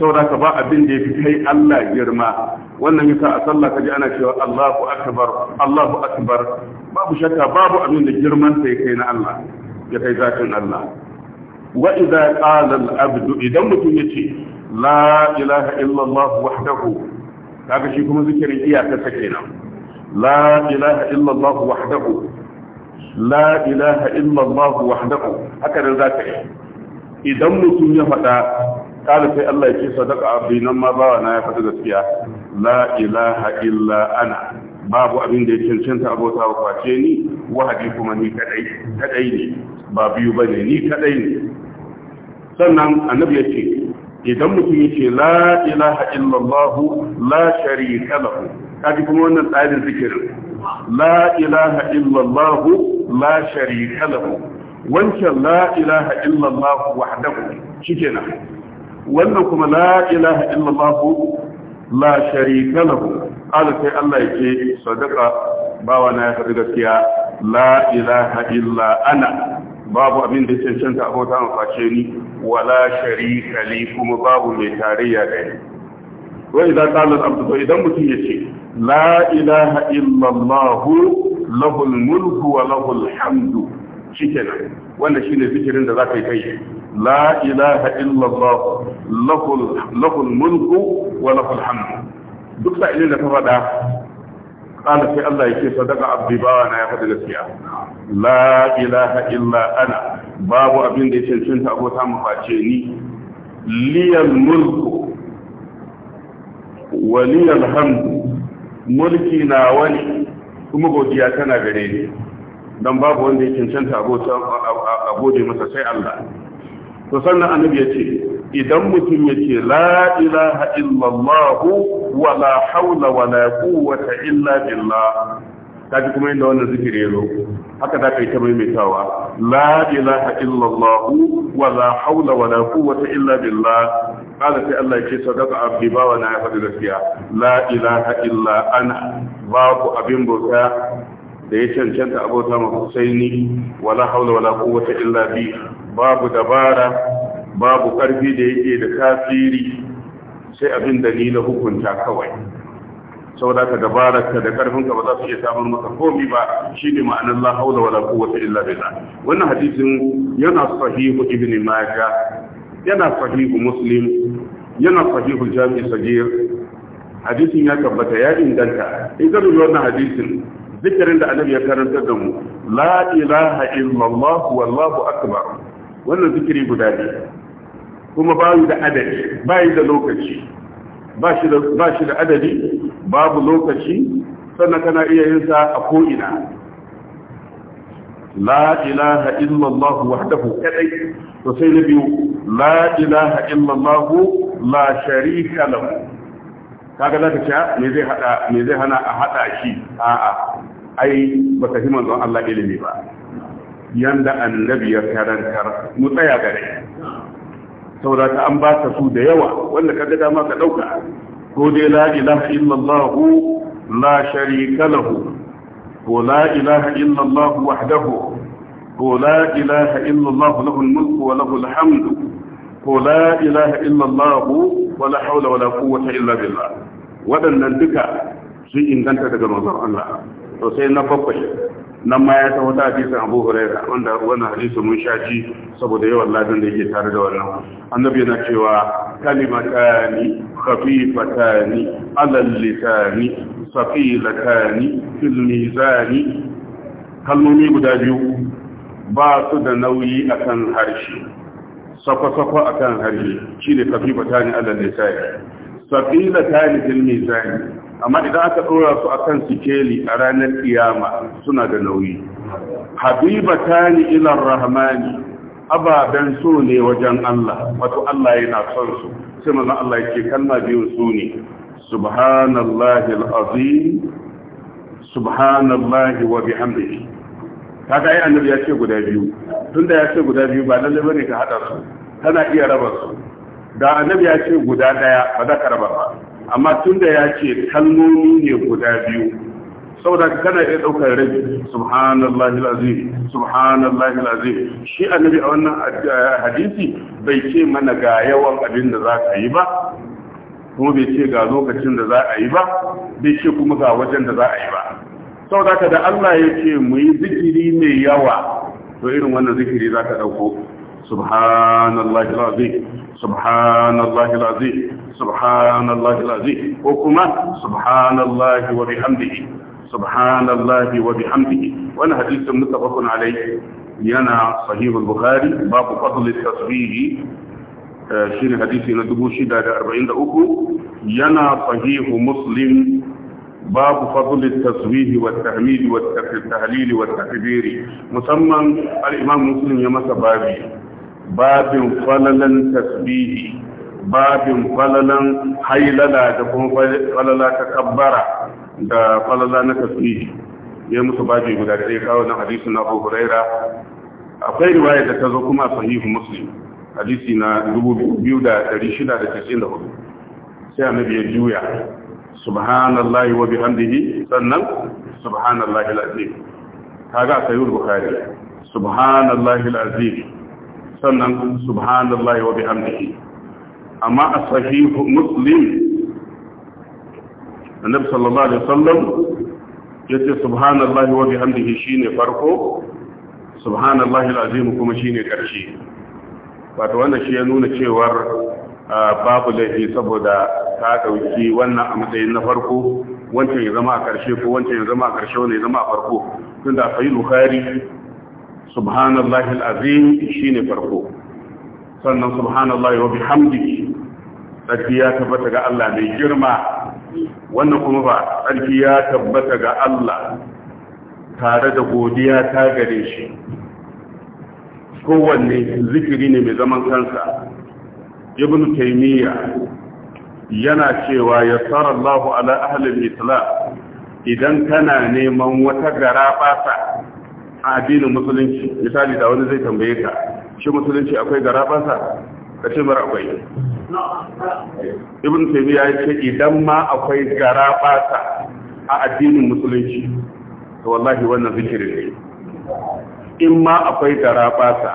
saboda ka ba abin da ya fi kai Allah girma wannan yasa a sallah kaji ana cewa Allahu akbar Allahu akbar babu shakka babu abin da girman sa ya kai na Allah ya kai zatin Allah wa idza qala al-abd idan mutum yace la ilaha illa Allah wahdahu kaga shi kuma zikirin iyaka ta kenan la ilaha illa Allah wahdahu la ilaha illa Allah wahdahu haka da zaka yi idan mutum ya faɗa kada sai Allah ya ce sadaka abdi nan ma bawa na ya faɗi gaskiya la ilaha illa ana babu abin da ya cancanta abota ba kwace ni wahadi kuma ni kadai kadai ne ba biyu bane ni kadai ne sannan annabi ya ce idan mutum ya ce la ilaha illallah la sharika lahu kaji kuma wannan tsarin zikirin la ilaha illallah la sharika lahu wancan la ilaha illallah wahdahu shikenan wannan kuma la ilaha illallah la sharika lahu sai Allah yake sadaka bawa na ya faɗi gaskiya la ilaha illa ana babu abin da cancanta abota maface ni wala sharika li kuma babu mai tarayya da ni wa idan qala abdu to idan mutum yace la ilaha illa allah lahu mulku wa lahu hamdu shi wanda shi ne fikirin da za ka yi kai la ilaha illallah lakul lakul mulku wa lakul hamd duk sai ne ka fada qala sai Allah yake sadaka abdi ba wa na ya fada gaskiya la ilaha illa ana babu abin da yake cin ta abota mu face ni liyal mulku wa liyal hamd mulki na wani kuma godiya tana gare ni don babu wanda ya cancanta a gode masa sai Allah to sannan annabi ya ce idan mutum ya ce la ilaha illallah wa la haula wa la quwwata illa billah kaji kuma yadda wannan zikiri ya zo haka za ka yi ta maimaitawa la ilaha illallah wa la haula wa la quwwata illa billah Allah في الله يكي abdi bawa na ya faɗi gaskiya la ilaha illa ana babu abin bauta. da ya cancanta abota ma husaini wala haula wala quwwata illa bi babu dabara babu ƙarfi da yake da tasiri sai abin da ni na hukunta kawai saboda ka dabararka da ƙarfinka ba za su iya samun maka komi ba shi ne ma'anar la haula wala quwwata illa billah wannan hadisin yana sahihu ibn majah yana sahihu muslim yana sahihu jami'i sagir hadisin ya tabbata ya inganta In idan wannan hadisin zikirin da annabi ya karanta da mu la ilaha illallah wallahu akbar wannan zikiri guda ne kuma ba da adadi bayu da lokaci ba shi da ba shi da adadi babu lokaci sannan kana iya yin sa a ko ina la ilaha illallah wahdahu kadai to sai na biyu la ilaha illallah la sharika lahu kaga zaka ce ah, me zai hada me zai hana a hada shi a'a ai ba ta himan zon Allah ilimi ba yanda annabi ya karantar mu tsaya gare saboda ta an ba ta su da yawa wanda ka ga dama ka dauka ko dai la ilaha illallah la sharika lahu ko la ilaha illallah wahdahu ko la ilaha illallah lahul mulku wa lahul hamdu ko la ilaha illallah wa la hawla wa la quwwata illa billah waɗannan duka sun inganta daga manzon Allah to sai na bakwai nan ma ya ta wata hadisin abu huraira wanda wannan hadisi mun sha ji saboda yawan ladan da yake tare da wannan annabi yana cewa kalimatani khafifatani alal lisani safilatani fil mizani kalmomi guda biyu ba su da nauyi akan harshe sakwa-sakwa akan harshe shine khafifatani alal lisani safilatani fil mizani amma idan aka ɗora su a kan sikeli a ranar kiyama suna da nauyi habibata ni ilar rahmani ababen so ne wajen Allah wato Allah yana son su sai manzon Allah yake kalma biyu su ne subhanallahi alazim subhanallahi wa bihamdihi kaga ai annabi ya ce guda biyu tunda ya ce guda biyu ba lalle bane ka hada su kana iya raba su da annabi ya ce guda daya ba za ka raba ba amma tun da ya ce kalmomi ne guda biyu saboda kana iya ɗaukar rabi subhanallah lazim subhanallah lazim shi annabi a wannan hadisi bai ce mana ga yawan abin da za ka yi ba kuma bai ce ga lokacin da za a yi ba bai ce kuma ga wajen da za a yi ba saboda ka da Allah ya ce mu yi zikiri mai yawa to irin wannan zikiri za ka ɗauko subhanallah lazim subhanallahi alazim subhanallahi alazim ko kuma subhanallahi wa bihamdihi subhanallahi wa bihamdihi wannan hadisin muttafaqun alayhi yana sahih al-bukhari babu fadl at-tasbih eh, shine hadisi na 643 yana sahih muslim باب فضل التسويه والتحميد Musamman والتكبير مسمى الإمام ya masa بابي babin falalan tasbihi babin falalan hailala da kuma falala ta kabbara da falala na tasbihi ya musu babi guda da ya kawo na hadisi na Abu Huraira akwai riwaya da ta zo kuma sahihu Muslim hadisi na 2694 sai annabi ya juya Subhanallah, wa bihamdihi sannan Subhanallah, subhanallahi alazim kaga sayyid bukhari subhanallahi alazim sannan subhanallah wa bihamdihi amma as-sahih muslim annabi sallallahu alaihi wasallam yace subhanallah wa bihamdihi shine farko subhanallah alazim kuma shine karshe wato wannan shi ya nuna cewar babu laifi saboda ta dauki wannan a matsayin na farko wancan ya zama a karshe ko wancan ya zama a karshe wannan ya zama a farko tunda sahih bukhari subhanallahi al'azim shine farko sannan subhanallahi wa hamdiki. tsarki ya tabbata ga Allah mai girma wannan kuma ba tsarki ya tabbata ga Allah tare da godiya ta gare shi kowanne zikiri ne mai zaman kansa ibn taymiya yana cewa ya tsara Allah ala ahlil islam idan kana neman wata garabasa a addinin musulunci misali da wani zai tambaye ka shi musulunci akwai garabansa ka ce mara akwai ibn taymiya ya ce idan ma akwai garabansa a addinin musulunci to wallahi wannan zikiri ne in ma akwai garabansa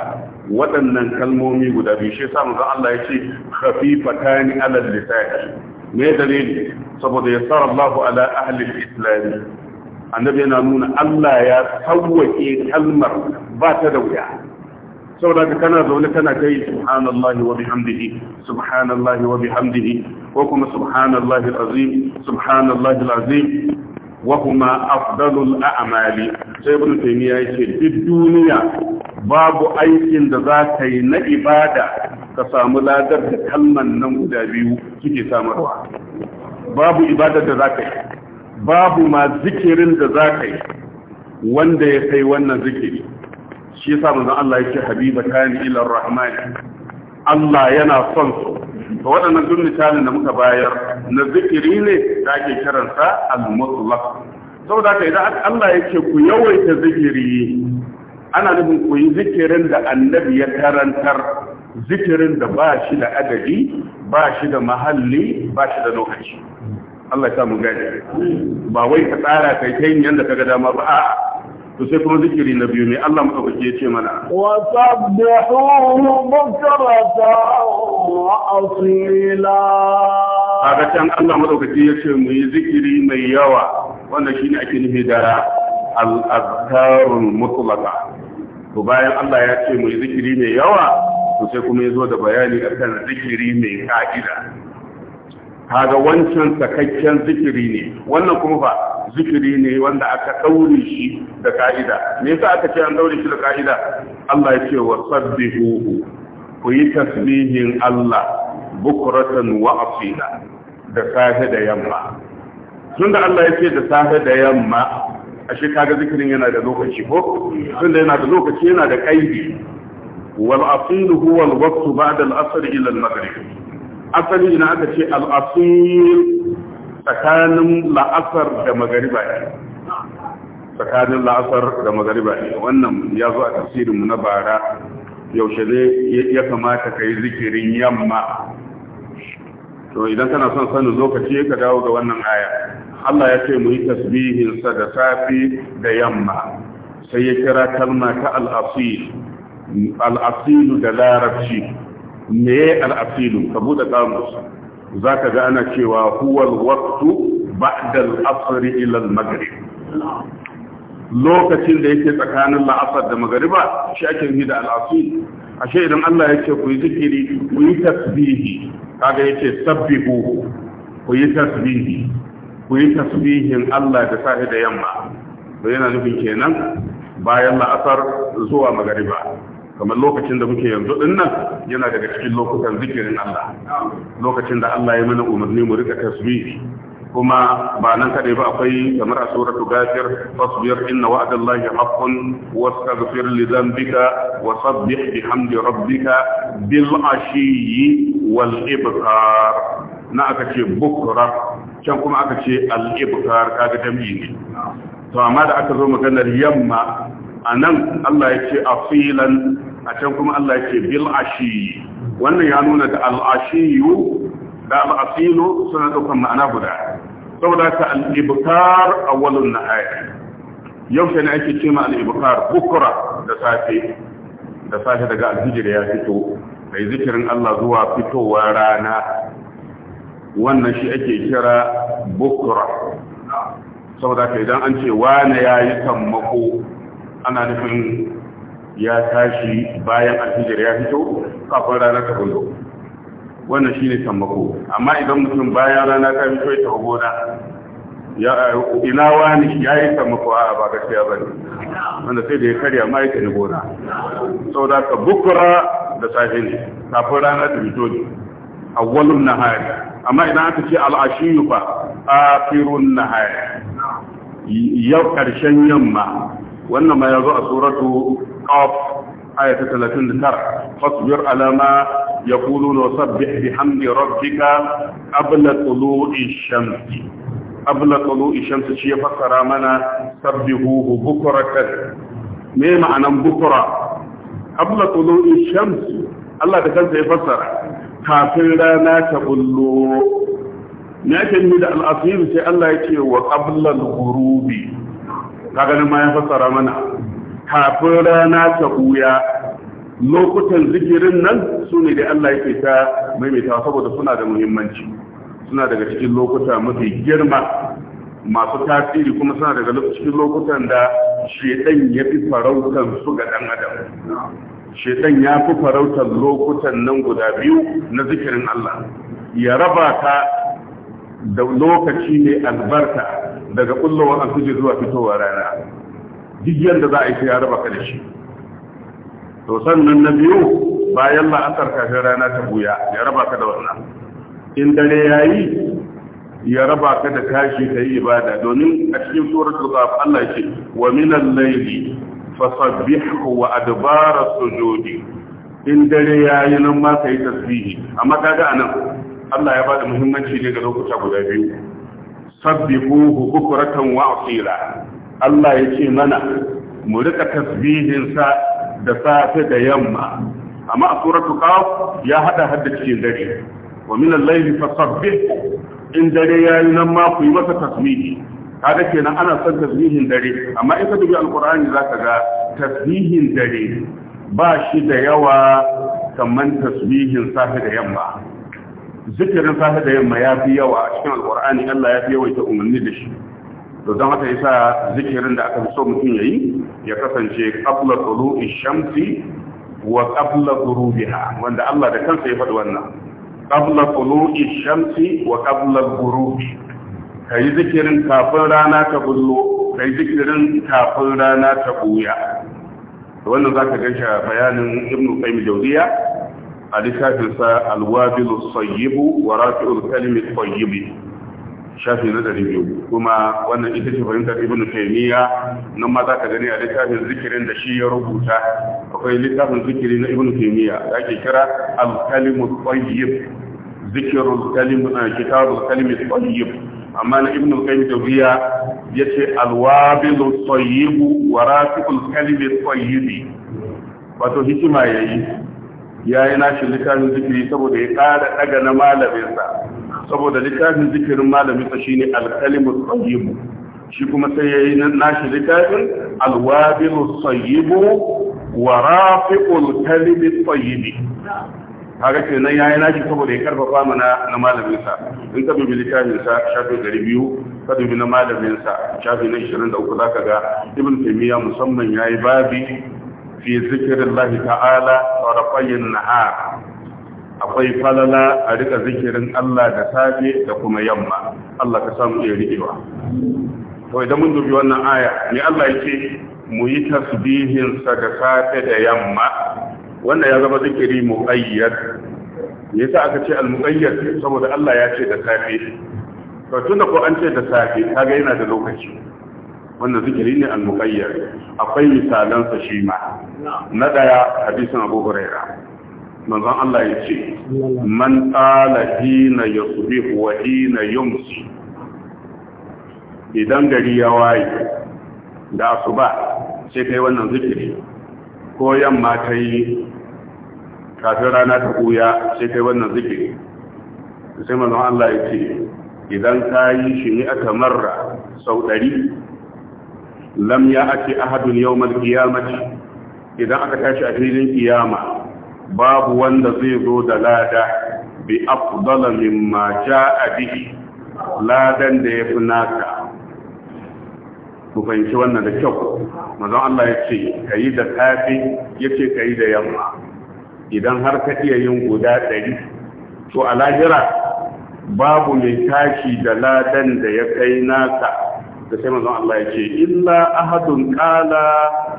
waɗannan kalmomi guda biyu shi sa manzon Allah ya ce khafifatani ala lisan me dalili saboda yassara Allah ala ahli al-islam annabi yana nuna Allah ya sauwake kalmar ba ta da wuya saboda ka kana zaune kana kai subhanallahi wa bihamdihi subhanallahi wa bihamdihi ko kuma subhanallahi alazim subhanallahi alazim wa kuma afdalul a'mali sai ibn taymiya yake duk duniya babu aikin da za ka yi na ibada ka samu ladar da kalman nan guda biyu kike samarwa babu ibada da za ka yi babu ma zikirin da za ka yi wanda ya kai wannan zikiri shi yasa manzon Allah yake habiba kani ila rahman Allah yana son su to waɗannan duk misalan da muka bayar na zikiri ne da ake kiransa al-mutlaq saboda kai da Allah yake ku yawaita zikiri ana nufin ku yi zikirin da annabi ya karantar zikirin da ba shi da adadi ba shi da mahalli ba shi da lokaci Allah ya mu gane ba wai ka tsara kai kai yanda kaga dama ba a'a to sai kuma zikiri na biyu ne Allah muka ya ce mana wa sabbihuhu bukratan wa asila kaga can Allah madaukaki ya ce mu yi zikiri mai yawa wanda shine ake nufi da al-azkarul mutlaqa to bayan Allah ya ce mu yi zikiri mai yawa to sai kuma ya zo da bayani akan zikiri mai ka'ida kaga wancan sakakken zikiri ne wannan kuma fa zikiri ne wanda aka daure shi da ka'ida me yasa aka ce an daure shi da ka'ida Allah ya ce wa sabbihu ku yi tasbihin Allah bukratan wa asila da safe da yamma Tun da Allah ya ce da safe da yamma ashe kaga zikirin yana da lokaci ko tun da yana da lokaci yana da kaidi wal asilu huwa al waqtu ba'da al asr ila al maghrib asali ina aka ce al'asir tsakanin la'asar da magariba ne tsakanin la'asar da magariba ne wannan ya zo a tasirinmu na bara yaushe ne ya kamata ka yi zikirin yamma to idan kana son sanin lokaci ka dawo ga wannan aya Allah ya ce mu yi tasbihinsa da safi da yamma sai ya kira kalma ta al'asir da larabci me al'afilu ka buɗe kamus za ka ga ana cewa huwal waqtu ba'da al-asr ila al lokacin da yake tsakanin la'asar da magariba shi ake yi da al'asil ashe idan Allah ya ce ku yi zikiri ku yi tasbihi kaga yake sabbi ku yi tasbihi ku yi tasbihin Allah da sahi da yamma to yana nufin kenan bayan la'asar zuwa magariba kamar lokacin da muke yanzu din nan yana daga cikin lokutan zikirin Allah lokacin da Allah ya mana umarni mu rika tasbihi kuma ba nan kadai ba akwai kamar a suratu gafir fasbir inna wa'dallahi haqqun wastaghfir li dhanbika wa sabbih bihamdi rabbika bil ashiyyi wal ibkar na aka ce bukra can kuma aka ce al ibkar kaga jami'i ne to amma da aka zo maganar yamma anan Allah ya ce afilan a can kuma Allah yake bil ashi wannan ya nuna da al ashiyu da al asilu suna daukan ma'ana guda saboda ta al ibkar awwalun nahaya yau sai ake ce ma al ibkar bukra da safe da safe daga alhijir ya fito Mai zikirin Allah zuwa fitowa rana wannan shi ake kira bukra saboda idan an ce ya yayi tammako ana nufin ya tashi bayan alhijir ya fito kafin rana ta hudu wannan shi ne tambako amma idan mutum bayan rana ta fito ya tafi gona ina wani ya yi tambako a ba gaskiya ba ne wanda sai da ya karya ma ya tafi gona sau da ka bukura da safe ne kafin rana ta fito ne A na nahari amma idan aka ce a fa na haya. yau karshen yamma wannan ma ya zo a tsoratu. qaf aya ta 39 fasbir ala ma yaquluna wasabbih bihamdi rabbika qabla tulu'i shamsi qabla tulu'i shamsi shi ya fassara mana sabbihuhu bukratan me ma'anan bukra qabla tulu'i shamsi Allah da kansa ya fassara kafin rana ta bullo na kan da al'asiru sai Allah ya ce wa qablal gurubi? kaga ma ya fasara mana kafin rana ta ɓuya lokutan zikirin nan su ne da Allah yake ta maimaitawa saboda suna da muhimmanci suna daga cikin lokuta mafi girma masu tasiri kuma suna daga cikin lokutan da shedan ya fi farautan su ga ɗan adam shedan ya fi farautan lokutan nan guda biyu na zikirin Allah ya raba ka da lokaci ne albarka daga kullowar alfijir zuwa fitowar rana duk da za a yi ya raba ka da shi to sannan na biyu bayan la'asar kafin rana ta buya ya raba ka da wannan in dare ya yi ya raba ka da tashi ka yi ibada domin a cikin suratul qaf Allah ce wa minan laili layli fasabbihu wa adbara sujudi in dare ya yi nan ma ka yi tasbihi amma kaga anan Allah ya bada muhimmanci ne ga lokuta guda biyu sabbi bukratan wa asila Allah ya ce mana mu rika tasbihinsa da safe da yamma amma a suratu qaf ya hada hadda cikin dare wa min al-layli fasabbih in dare yayi nan ma ku yi masa tasbihi kaga kenan ana son tasbihin dare amma in ka dubi alqur'ani zaka ga tasbihin dare ba shi da yawa kamar tasbihin safe da yamma zikirin safe da yamma ya fi yawa a cikin alkur'ani Allah ya fi yawaita umarni da shi to don haka yasa zikirin da aka so mutum yayi ya kasance qabla tulu'i shamsi wa qabla ghurubiha wanda Allah da kansa ya faɗi wannan qabla tulu'i shamsi wa qabla ghurubi kai zikirin kafin rana ta bullo kai zikirin kafin rana ta buya wannan zaka ganshi a bayanin ibnu Qayyim Jawziya a littafin sa al Sayyib wa Rafi'ul Kalim Tayyib shafi na ɗari biyu kuma wannan ita ce fahimtar ibn taymiya nan ma za ka gani a littafin zikirin da shi ya rubuta akwai littafin zikiri na ibn taymiya da ake kira al-kalimu tayyib zikirul kalimu na eh, kitabu kalimu tayyib amma na ibn qayyim tawbiya yace al-wabilu wa rafiqul kalimu wato hikima yayi yayi nashi littafin zikiri saboda ya ƙara daga na malaminsa saboda littafin zikirin malamin sa shine al-kalimu shi kuma sai yayi nashi littafin al-wabilu tsayibu wa rafi'ul kalimi tsayibi kaga kenan yayi nashi saboda ya karfafa mana na malaminsa. in ka dubi littafin shafi shafi biyu, ka dubi na malamin shafi na za ka ga ibn taimiyya musamman yayi babi fi zikrillahi ta'ala wa rafayin nahar akwai falala a rika zikirin Allah da safe da kuma yamma Allah ka samu iya rikewa to idan mun dubi wannan aya ne Allah yake mu yi tasbihin sa da safe da yamma wannan ya zama zikiri muqayyad me yasa aka ce al-muqayyad saboda Allah ya ce da safe to tunda ko an ce da safe kaga yana da lokaci wannan zikiri ne al-muqayyad akwai misalan sa shi ma na daya hadisin Abu Hurairah manzon Allah ya ce man qala hina yusbihu wa hina yumsi idan gari ya waye da asuba sai kai wannan zikiri ko yamma ta yi kafin rana ta ɓuya sai kai wannan zikiri sai mazan Allah ya ce idan ka yi shi ne aka marra sau ɗari lam ya ake ahadun yau malkiyamaci idan aka tashi a filin kiyama babu wanda zai zo da lada bi afdala mimma jaa bihi ladan da yafi naka ku fahimci wannan da kyau manzon Allah yace kayi da safi yace kayi da yamma idan har ka iya yin guda ɗari to a lahira babu mai tashi da ladan da ya kai naka da sai manzon Allah ya ce illa ahadun qala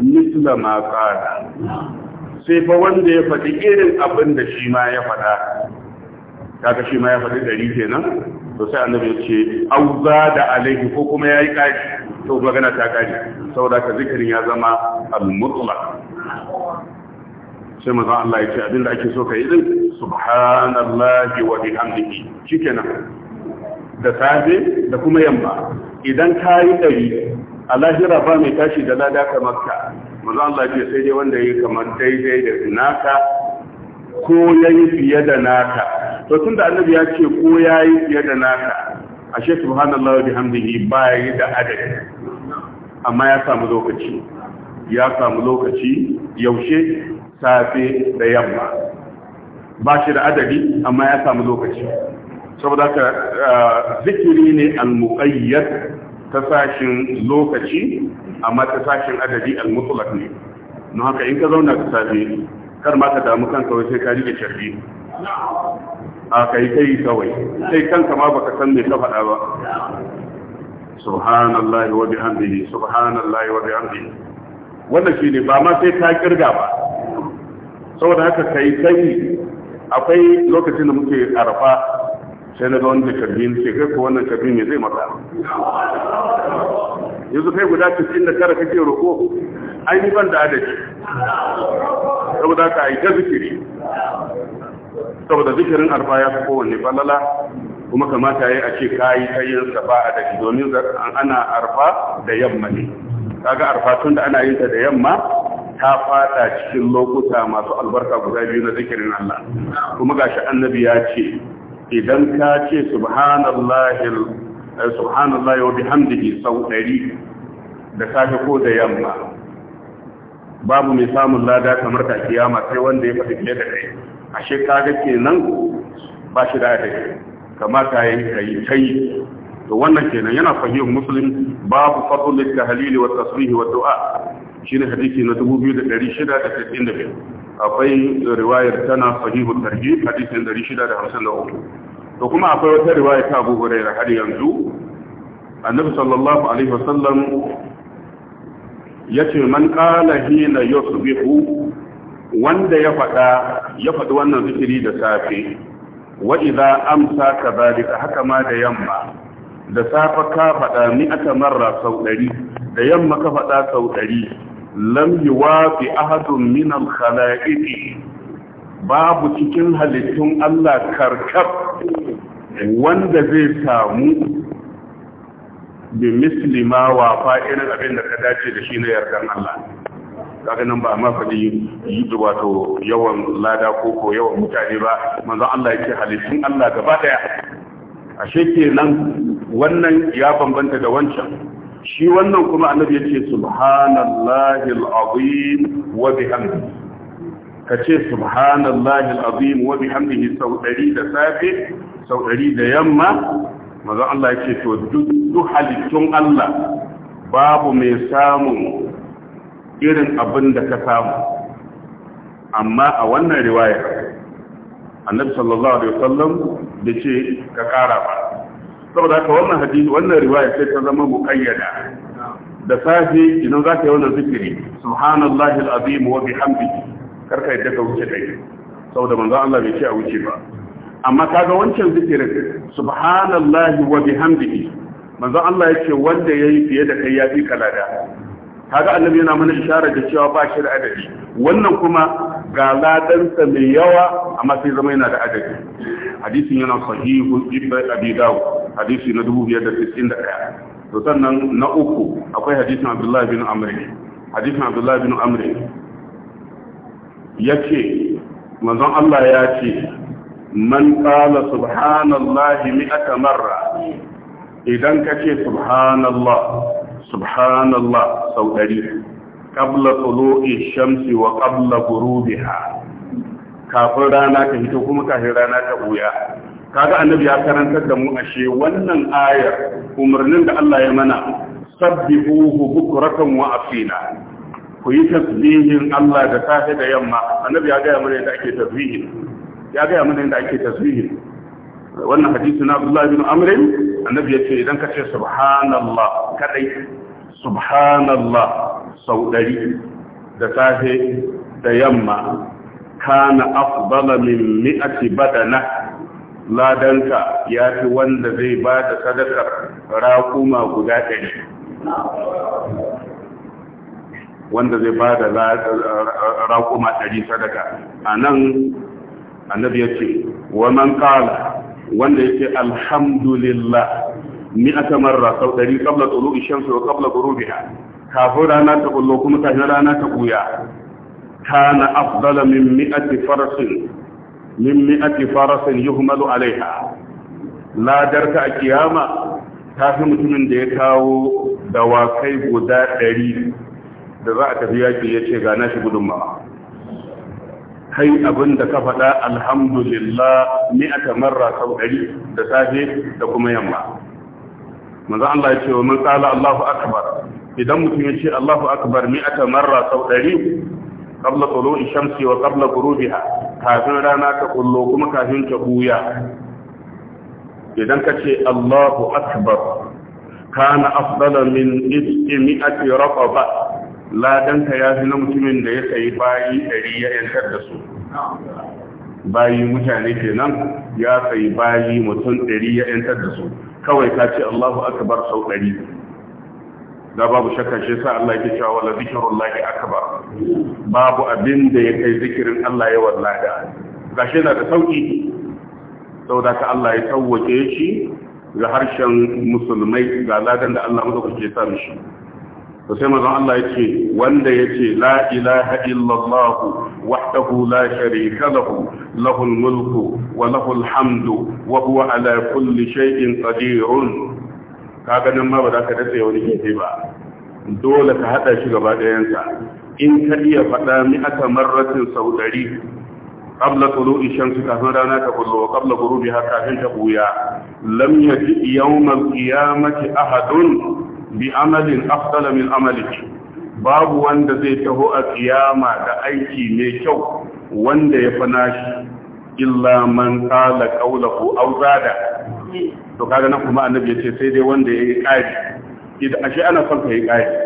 misla ma qala sai fa wanda ya faɗi irin abin da shi ma ya faɗa kaga shi ma ya faɗi dari kenan to sai annabi ya ce auza da alaihi ko kuma yayi kai to magana ta kare saboda ka zikirin ya zama al mutla sai maza Allah ya ce abin da ake so kai din subhanallahi wa bihamdihi shikenan da safe da kuma yamma idan kayi dari a lahira ba mai tashi da lada makka. maza Allah ce sai dai wanda yi kamar daidai da naka ko ya yi fiye da naka to tun da annabi ya ce ko ya yi fiye da naka ashe subhanallah wa bihamdihi ba yi da adadi amma ya samu lokaci ya samu lokaci yaushe safe da yamma ba shi da adadi amma ya samu lokaci saboda ka eh, zikiri ne al-muqayyad ta sashin lokaci amma ta sashin adadi al-mutlaq ne don haka in ka zauna ka safe kar ma ka damu kanka wai sai ka rike sharbi a kai kai kawai sai kanka ma baka san me ka faɗa ba subhanallahi wa bihamdihi subhanallahi wa bihamdihi wannan shine ba ma sai ka kirga ba saboda haka kai kai akwai lokacin da muke arafa sai na ga wanda karbin ce kai ko wannan karbin ne zai maka yanzu kai guda 99 kake roko ai ban da adadi saboda ka yi ta zikiri saboda zikirin arba ya fi kowanne balala, kuma kamata ya a ce ka yi ta kayan safa a daji domin ana arfa da yamma ne kaga arfa tun da ana yin ta da yamma ta fada cikin lokuta masu albarka guda biyu na zikirin Allah kuma gashi annabi ya ce idan ka ce subhanallah eh, wa bihamdihi sau ɗari da safe ko da yamma babu mai samun lada kamar ta kiyama sai wanda ya faɗi fiye da kai ashe ke kenan ba shi da adadi Kamar ta yi kai to wannan kenan yana fahimun musulun? babu fadlul ta halili wata wa du'a shine hadisi na 2695 akwai riwayar tana sahihu tarhib hadisin 653 to kuma akwai wata riwaya ta Abu Hurairah har yanzu annabi sallallahu alaihi wasallam yace man qala hina yusbihu wanda ya fada, ya fadi wannan zikiri da safe wa idza amsa kadhalika haka ma da yamma da safa ka faɗa mi'ata marra sau ɗari da yamma ka faɗa sau ɗari lam yi wafi ahadun min al-khala'iqi babu cikin halittun Allah karkar wanda zai samu bi misli ma irin abin da ka dace da shi na yardan Allah kaga nan ba ma faɗi yi wato yawan lada ko ko yawan mutane ba manzo Allah yake halittun Allah gaba daya ashe kenan wannan ya bambanta da wancan shi wannan kuma annabi ya ce subhanallahi al'azim wa bihamdihi ka ce subhanallahi al'azim wa bihamdihi sau ɗari da safe sau ɗari da yamma manzo Allah ya ce to duk halittun Allah babu mai samun irin abin da ka samu amma a wannan riwaya annabi sallallahu alaihi wasallam da ce ka ƙara ba saboda haka wannan hadisi wannan riwaya sai ta zama muqayyada da safi idan za zaka yi wannan zikiri subhanallahi alazim wa bihamdihi karka yadda ka wuce dai saboda manzo Allah bai ce a wuce ba amma kaga wancan zikirin subhanallahi wa bihamdihi manzo Allah yake wanda yayi fiye da kai ya fi kalada kaga annabi yana mana isharar da cewa ba shi da adadi wannan kuma ga ladansa mai yawa amma sai zama yana da adadi hadisin yana sahihu ibn abi dawud hadisi na 2591 to sannan na uku akwai hadisin abdullahi bin amr hadisin abdullahi bin amr yace manzon Allah ya ce man qala subhanallahi mi'ata marra idan kace subhanallah subhanallah sau ɗari ƙabla tsolo'i shamsi wa ƙabla gurubiha kafin rana ta hito kuma kafin rana ta Ka kaga annabi ya karantar da mu ashe wannan ayar umarnin da Allah ya mana sabbihuhu bukratan wa afina ku yi tasbihin Allah da safe da yamma annabi ya ga mana yadda ake tasbihin ya ga mana yadda ake tasbihin wannan hadisi na Abdullah bin Amr annabi ya ce idan ka ce subhanallah kadai subhanallah sau ɗari da safe da yamma kana afdala min mi'ati badana ladanka ya fi wanda zai ba da sadakar raƙuma guda ɗari wanda zai ba da raƙuma ɗari sadaka a nan annabi ya ce wa man kala. wanda yake alhamdulillah ni aka marra sau ɗari kabla tsoro ishamsu wa kabla gurubiya kafin rana ta kullo kuma kafin rana ta kuya kana afdala min mi'ati farasin min mi'ati farasin yuhmalu alaiha ladar ta a kiyama ta fi mutumin da ya kawo dawakai guda ɗari da za a tafi yaƙi ya ce ga shi gudunmawa kai abin da ka faɗa alhamdulillah ni aka marra sau ɗari da safe da kuma yamma manzo Allah ya ce wa man qala Allahu akbar idan mutum ya ce Allahu akbar ni aka marra sau ɗari qabla tulu'i shamsi wa qabla ghurubiha kafin rana ta kullo kuma kafin ta huya idan ka ce Allahu akbar kana afdala min ismi'ati raqaba ladanka ya fi na mutumin da ya sayi bayi ɗari ya yantar da su bayi mutane kenan ya sayi bayi mutum ɗari ya ‘yantar da su kawai ta ce Allahu akbar sau ɗari da babu shakka shi sa Allah ke cewa wala zikrullahi akbar babu abin da ya kai zikirin Allah ya wallahi gashi na da sauki da ka Allah ya tawwace shi ga harshen musulmai ga ladan da Allah muka ke sa mishi to sai mazan Allah ya ce wanda ya ce la ilaha illallah wahdahu la sharika lahu lahul mulku wa lahul hamdu wa huwa ala kulli shay'in Ka kaga nan ma ba za ka dace wani gefe ba dole ka hada shi gaba ɗayansa in ka iya faɗa mi'ata marratin sau ɗari qabla tulu'i shamsi kafin rana ta kullu wa qabla ghurubiha kafin ta buya lam yaji yawmal qiyamati ahadun bi amalin afdala min amaliki babu wanda zai taho a kiyama da aiki mai kyau wanda ya fana shi illa man qala qawluhu aw zada to kaga nan kuma annabi yace sai dai wanda yayi kaji idan ashe ana son ka yi kaji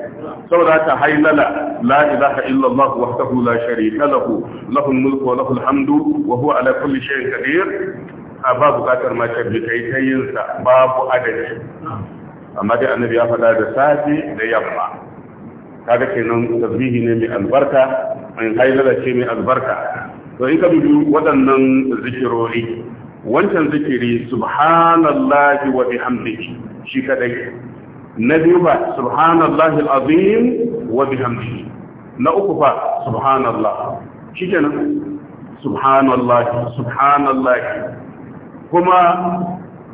saboda ta hailala la ilaha illa Allah wahdahu la sharika lahu lahul mulku wa lahul hamdu wa huwa ala kulli shay'in qadir babu bukatar ma sharri kai tayin sa babu adadi amma dai annabi ya faɗa da safe da yamma kaga kenan tasbihi ne mai albarka an hailala ce mai albarka to in ka dubi waɗannan zikirori wancan zikiri subhanallahi wa bihamdihi shi kadai na biyu ba subhanallahi alazim wa bihamdihi na uku fa subhanallah shi shikenan subhanallahi subhanallahi kuma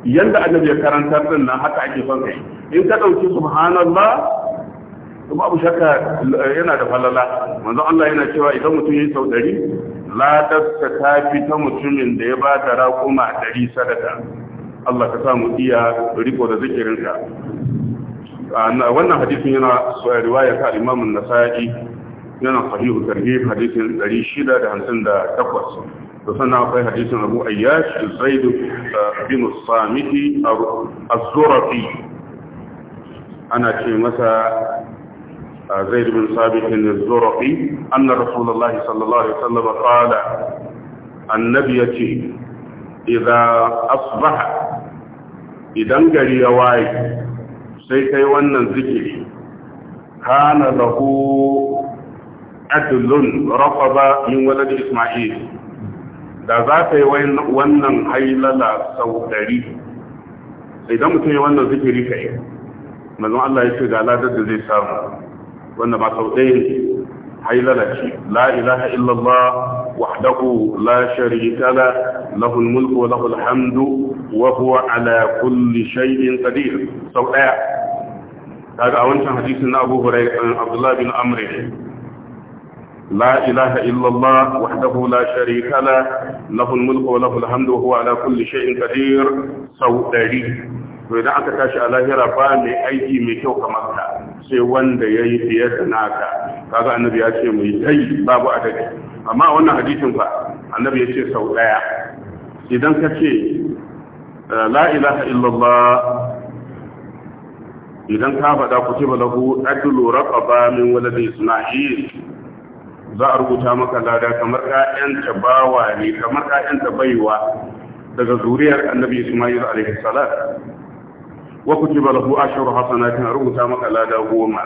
yanda annabi ya karantar din nan haka ake son kai in ka dauki subhanallah to babu shakka eh, yana da falala manzo Allah yana cewa idan mutum yayi sau 100 la ta fi ta mutumin da ya ba ta raƙuma 100 sadaka Allah ka samu iya riko da zikirinka wannan hadisin yana riwaya ta Imam nasai yana sahihu tarhib hadisin 658 da sannan akwai hadisin abu ayyash zaid bin samiti az-zurafi ana ce masa Zaidu bin sabit az-zurafi anna rasulullahi sallallahu alaihi wasallam qala annabi ya ce, idan asbaha idan gari ya waye sai kai wannan zikiri kana lahu adlun raqaba min walad isma'il da za ka yi wannan hailala sau ɗari idan mutum ya wannan zikiri ka yi manzon Allah ya ce ga ladar da zai samu wanda ba sau ɗaya hailala ce la ilaha illallah wahdahu la sharika la lahul mulku wa lahul hamdu wa huwa ala kulli shay'in qadir sau ɗaya kaga a wancan hadisin na Abu Hurairah eh, Abdullah bin Amr La ilaha illallah الله la لا شريك lahul mulku wa lahul hamdu wa huwa ala kulli shay'in qadir sau dari to idan aka tashi a lahira ba mai aiki mai kyau kamar ka sai wanda yayi fiye da naka kaga annabi ya ce mu yi tai babu adadi amma wannan hadisin fa annabi ya ce sau daya idan ka ce la ilaha illallah idan ka faɗa ku ce ba lahu za a rubuta maka lada kamar ƴaƴanta bawa ne kamar ƴaƴanta baiwa daga zuriyar annabi Isma'il alaihi salam wa kutiba lahu ashru hasanatin a rubuta maka lada goma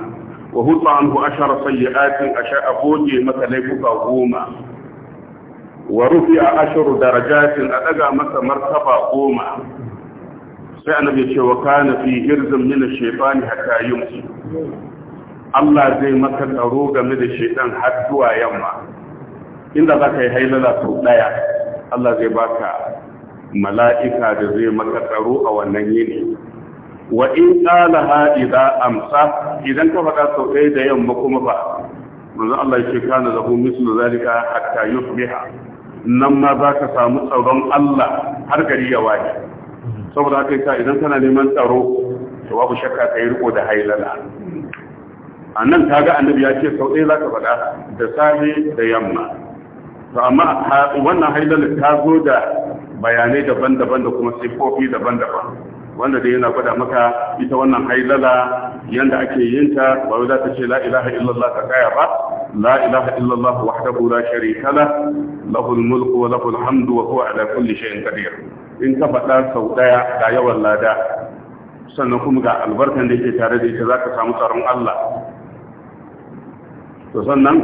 wa hutta anhu ashara sayyi'atin asha aboje maka laifuka goma wa rufi'a ashru darajatin a daga masa martaba goma sai annabi ya ce wa kana fi hirzin min ash-shaytani hatta yumsi Allah zai maka tsaro game da shaitan har zuwa yamma inda za ka yi hailala sau ɗaya Allah zai baka mala'ika da zai maka tsaro a wannan yini wa in ƙalaha idan amsa idan ka faɗa sau ɗaya da yamma kuma ba manzo Allah ya ce kana lahu mislu zalika hatta yusbiha nan ma za ka samu tsaron Allah har gari ya waye saboda haka idan kana neman tsaro to babu shakka kai riko da hailala a nan kaga annabi ya ce sau ɗaya za ka faɗa da safe da yamma to amma wannan hailar ta zo da bayanai daban-daban da kuma siffofi daban-daban wanda dai yana gwada maka ita wannan hailala yanda ake yin ta ba wai za ta ce la ilaha illallah ta kaya ba la ilaha illallah wahdahu la sharika la lahul mulku wa lahul hamdu wa huwa ala kulli shay'in qadir in ka faɗa sau ɗaya ga yawan lada sannan kuma ga albarkan da yake tare da ita zaka samu tsaron Allah to sannan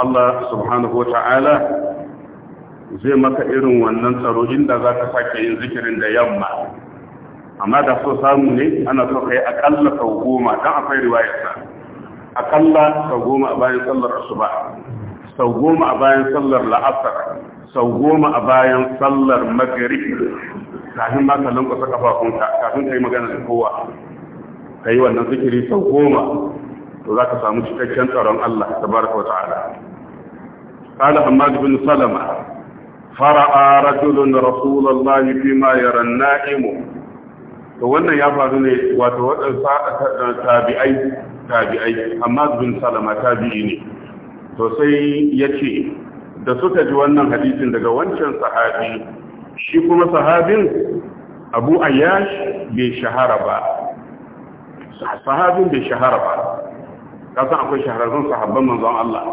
Allah subhanahu wa ta'ala zai maka irin wannan tsaro inda za ka sake yin zikirin da yamma amma da so samu ne ana so ka yi akalla sau goma don akwai riwayarsa akalla sau goma a bayan sallar asuba sau goma a bayan sallar la'asar sau goma a bayan sallar magrib kafin ma ka lankwasa kafafunka kafin ka yi magana da kowa ka yi wannan zikiri sau goma to za ka samu cikakken tsaron Allah tabaraka wa ta'ala قال حماد بن سلمة فرأى رجل رسول الله فيما يرى النائم to wannan ya faru ne wato waɗansa tabi'ai tabi'ai amma bin salama tabi'i ne to sai ya ce da suka ji wannan hadisin daga wancan sahabi shi kuma sahabin abu sahabin bai shahara ba kasan akwai shahararrun sahabban manzon Allah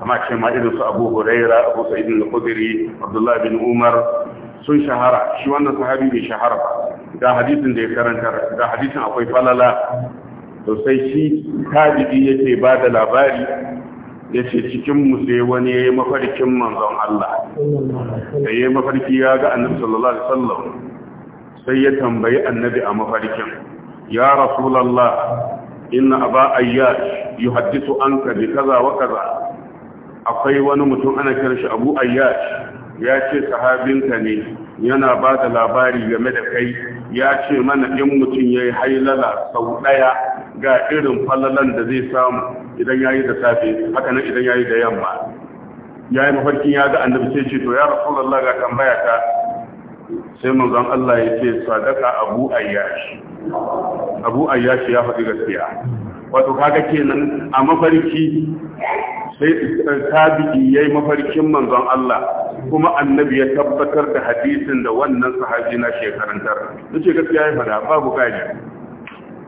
Kama ce ma irin su Abu Huraira Abu Sa'id al-Khudri Abdullah bin Umar sun shahara shi wannan sahabi bai shahara ba ga hadisin da ya karanta ga hadisin akwai falala to sai shi tabi'i yake ba da labari yace cikin mu sai wani yayi mafarkin manzon Allah sai yayi mafarki ya ga Annabi sallallahu alaihi wasallam sai ya tambayi Annabi a mafarkin ya Rasulullah inna aba ayyash yuhaddithu anka bi kaza wa kaza akwai wani mutum ana kiran shi abu ayyash ya ce sahabinka ne yana ba da labari game da kai ya ce mana in mutum ya yi hailala sau ɗaya ga irin falalan da zai samu idan ya idan ya yi da yamma ya yi mafarkin ya ga annabi sai ce to ya rasulallah ga tambaya ta sai manzon Allah ya ce sadaka abu ayyash abu ayyashi ya faɗi gaskiya wato kaga kenan a mafarki sai eh, tabi'i yayi mafarkin manzon Allah kuma annabi ya tabbatar da hadisin da wannan sahabi na shekarantar nace gaskiya ya faɗa babu kaji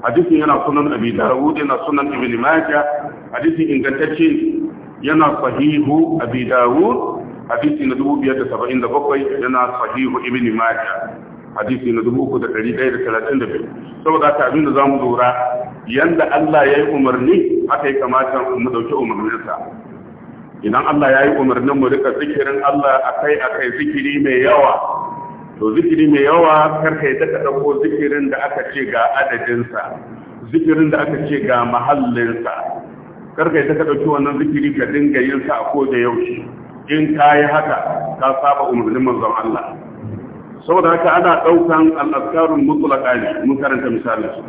hadisin yana sunan abi dawud yana sunan ibn majah hadisin ingantacce yana sahihu abi dawud hadisi na 2577 yana sahihu ibn majah hadisi na dubu da dari daya da talatin da biyu saboda ta abin da za mu lura yanda Allah ya yi umarni haka ya kamata mu ɗauki umarninsa idan Allah ya yi umarnin mu rika zikirin Allah akai akai zikiri mai yawa to zikiri mai yawa kar ka yadda ka ɗauko zikirin da aka ce ga adadinsa zikirin da aka ce ga mahallinsa kar ka yadda ka ɗauki wannan zikiri ka dinga yin sa a ko da yaushe in ka yi haka ka saba umarnin manzon Allah saboda haka ana ɗaukan al'askarun mutulaka ne mun karanta misalin su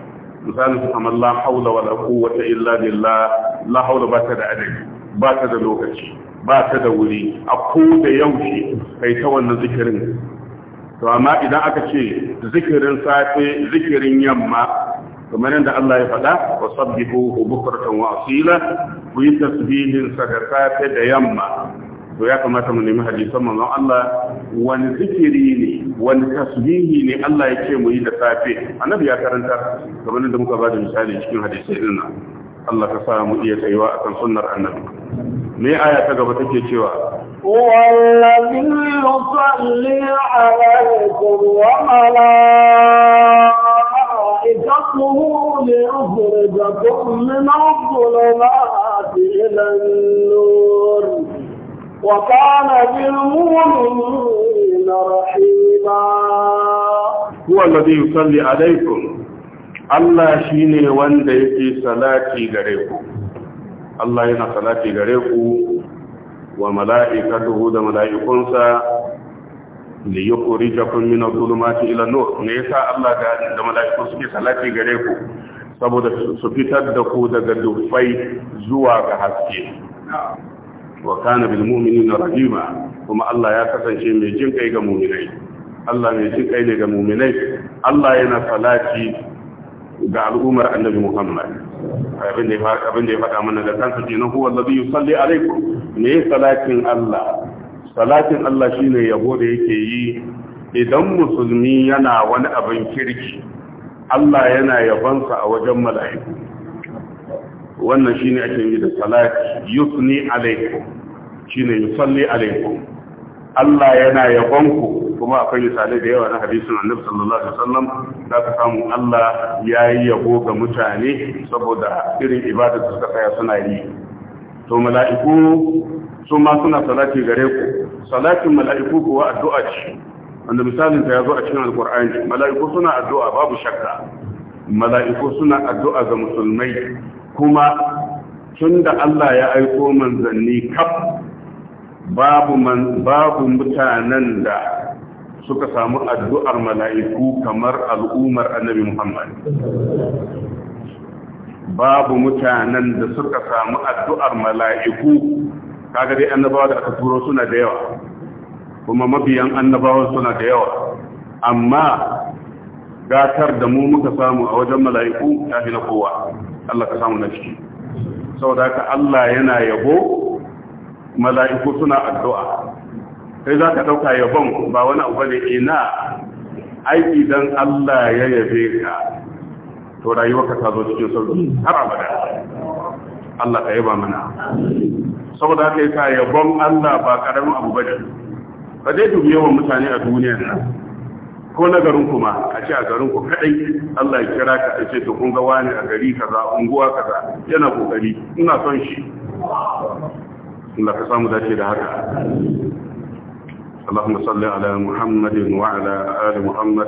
misalin su kamar la haula wa quwwata illa billah la haula ba ta da adadi ba ta da lokaci ba ta da wuri a ko da yaushe kai ta wannan zikirin to amma idan aka ce zikirin safe zikirin yamma kamar yadda Allah ya faɗa wa sabbihu bukratan wa asila ku yi tasbihin sa da safe da yamma to ya kamata mu nemi hadisan manzon Allah wani zikiri ne wani tasbihi ne Allah ya ce mu yi da safe annabi ya karanta kamar da muka ba da misali cikin hadisai din nan Allah ka sa mu iya tsayuwa akan sunnar annabi me aya ta gaba take cewa هو الذي يصلي عليكم وملائكته ليخرجكم من الظلمات إلى النور وكان بالمؤمنين رحيما هو الذي يصلي عليكم Allah shi ne wanda yake salati gare ku, Allah yana salati gare ku wa من da الى da نيسا الله jakun ملائكو سكي صلاتي غريكو gare ku saboda su fitar da ku daga dufai zuwa ga haske. wa kana bil mu'minina rahima kuma Allah ya kasance mai jin kai ga mu'minai Allah mai jin kai ne ga mu'minai Allah yana salati ga al'ummar annabi Muhammad abin da abin da ya faɗa mana da kansa ce nan huwa alladhi yusalli alaikum ne salatin Allah salatin Allah shine yabo da yake yi idan musulmi yana wani abin kirki Allah yana yabansa a wajen mala'iku wannan shi ne ake yi da salat yusni alaikum ne yusalli alaikum Allah yana yabonku kuma akwai misali da yawa na hadisun Annabi sallallahu alaihi wasallam da ka samu Allah ya yi yabo ga mutane saboda irin ibadar da suka tsaya suna yi to mala'iku su ma suna salati gare ku salatin mala'iku kuwa addu'a ce wanda misalin ta yazo a cikin alqur'ani mala'iku suna addu'a babu shakka mala'iku suna addu'a ga musulmai kuma tun da Allah ya aiko manzanni kaf babu babu mutanen da suka samu addu'ar mala'iku kamar al'umar annabi Muhammad babu mutanen da suka samu addu'ar mala'iku kaga dai annabawa da aka turo suna da yawa kuma mabiyan annabawan suna da yawa amma gatar da mu muka samu a wajen mala'iku ta fi na kowa Allah ka samu na ciki saboda haka Allah yana yabo mala'iku suna addu'a sai za ka ɗauka yabon ba wani abu ne ina aiki don Allah ya yabe ka to rayuwarka ta zo cikin sauri har abada Allah ka yaba mana saboda yi ka yabon Allah ba karamin abu bane ba dai dubi yawan mutane a duniya nan ko na garin kuma a ce a garin ku kadai Allah ya kira ka a ce to kun ga wani a gari kaza unguwa kaza yana kokari ina son shi Allah ka samu dace da haka اللهم صل على محمد وعلى آل محمد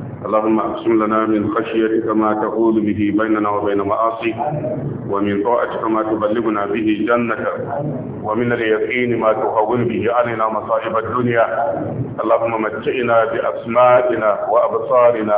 اللهم اقسم لنا من خشيتك ما تقول به بيننا وبين معاصيك ومن طاعتك ما تبلغنا به جنتك ومن اليقين ما تهون به علينا مصائب الدنيا اللهم متئنا باسمائنا وابصارنا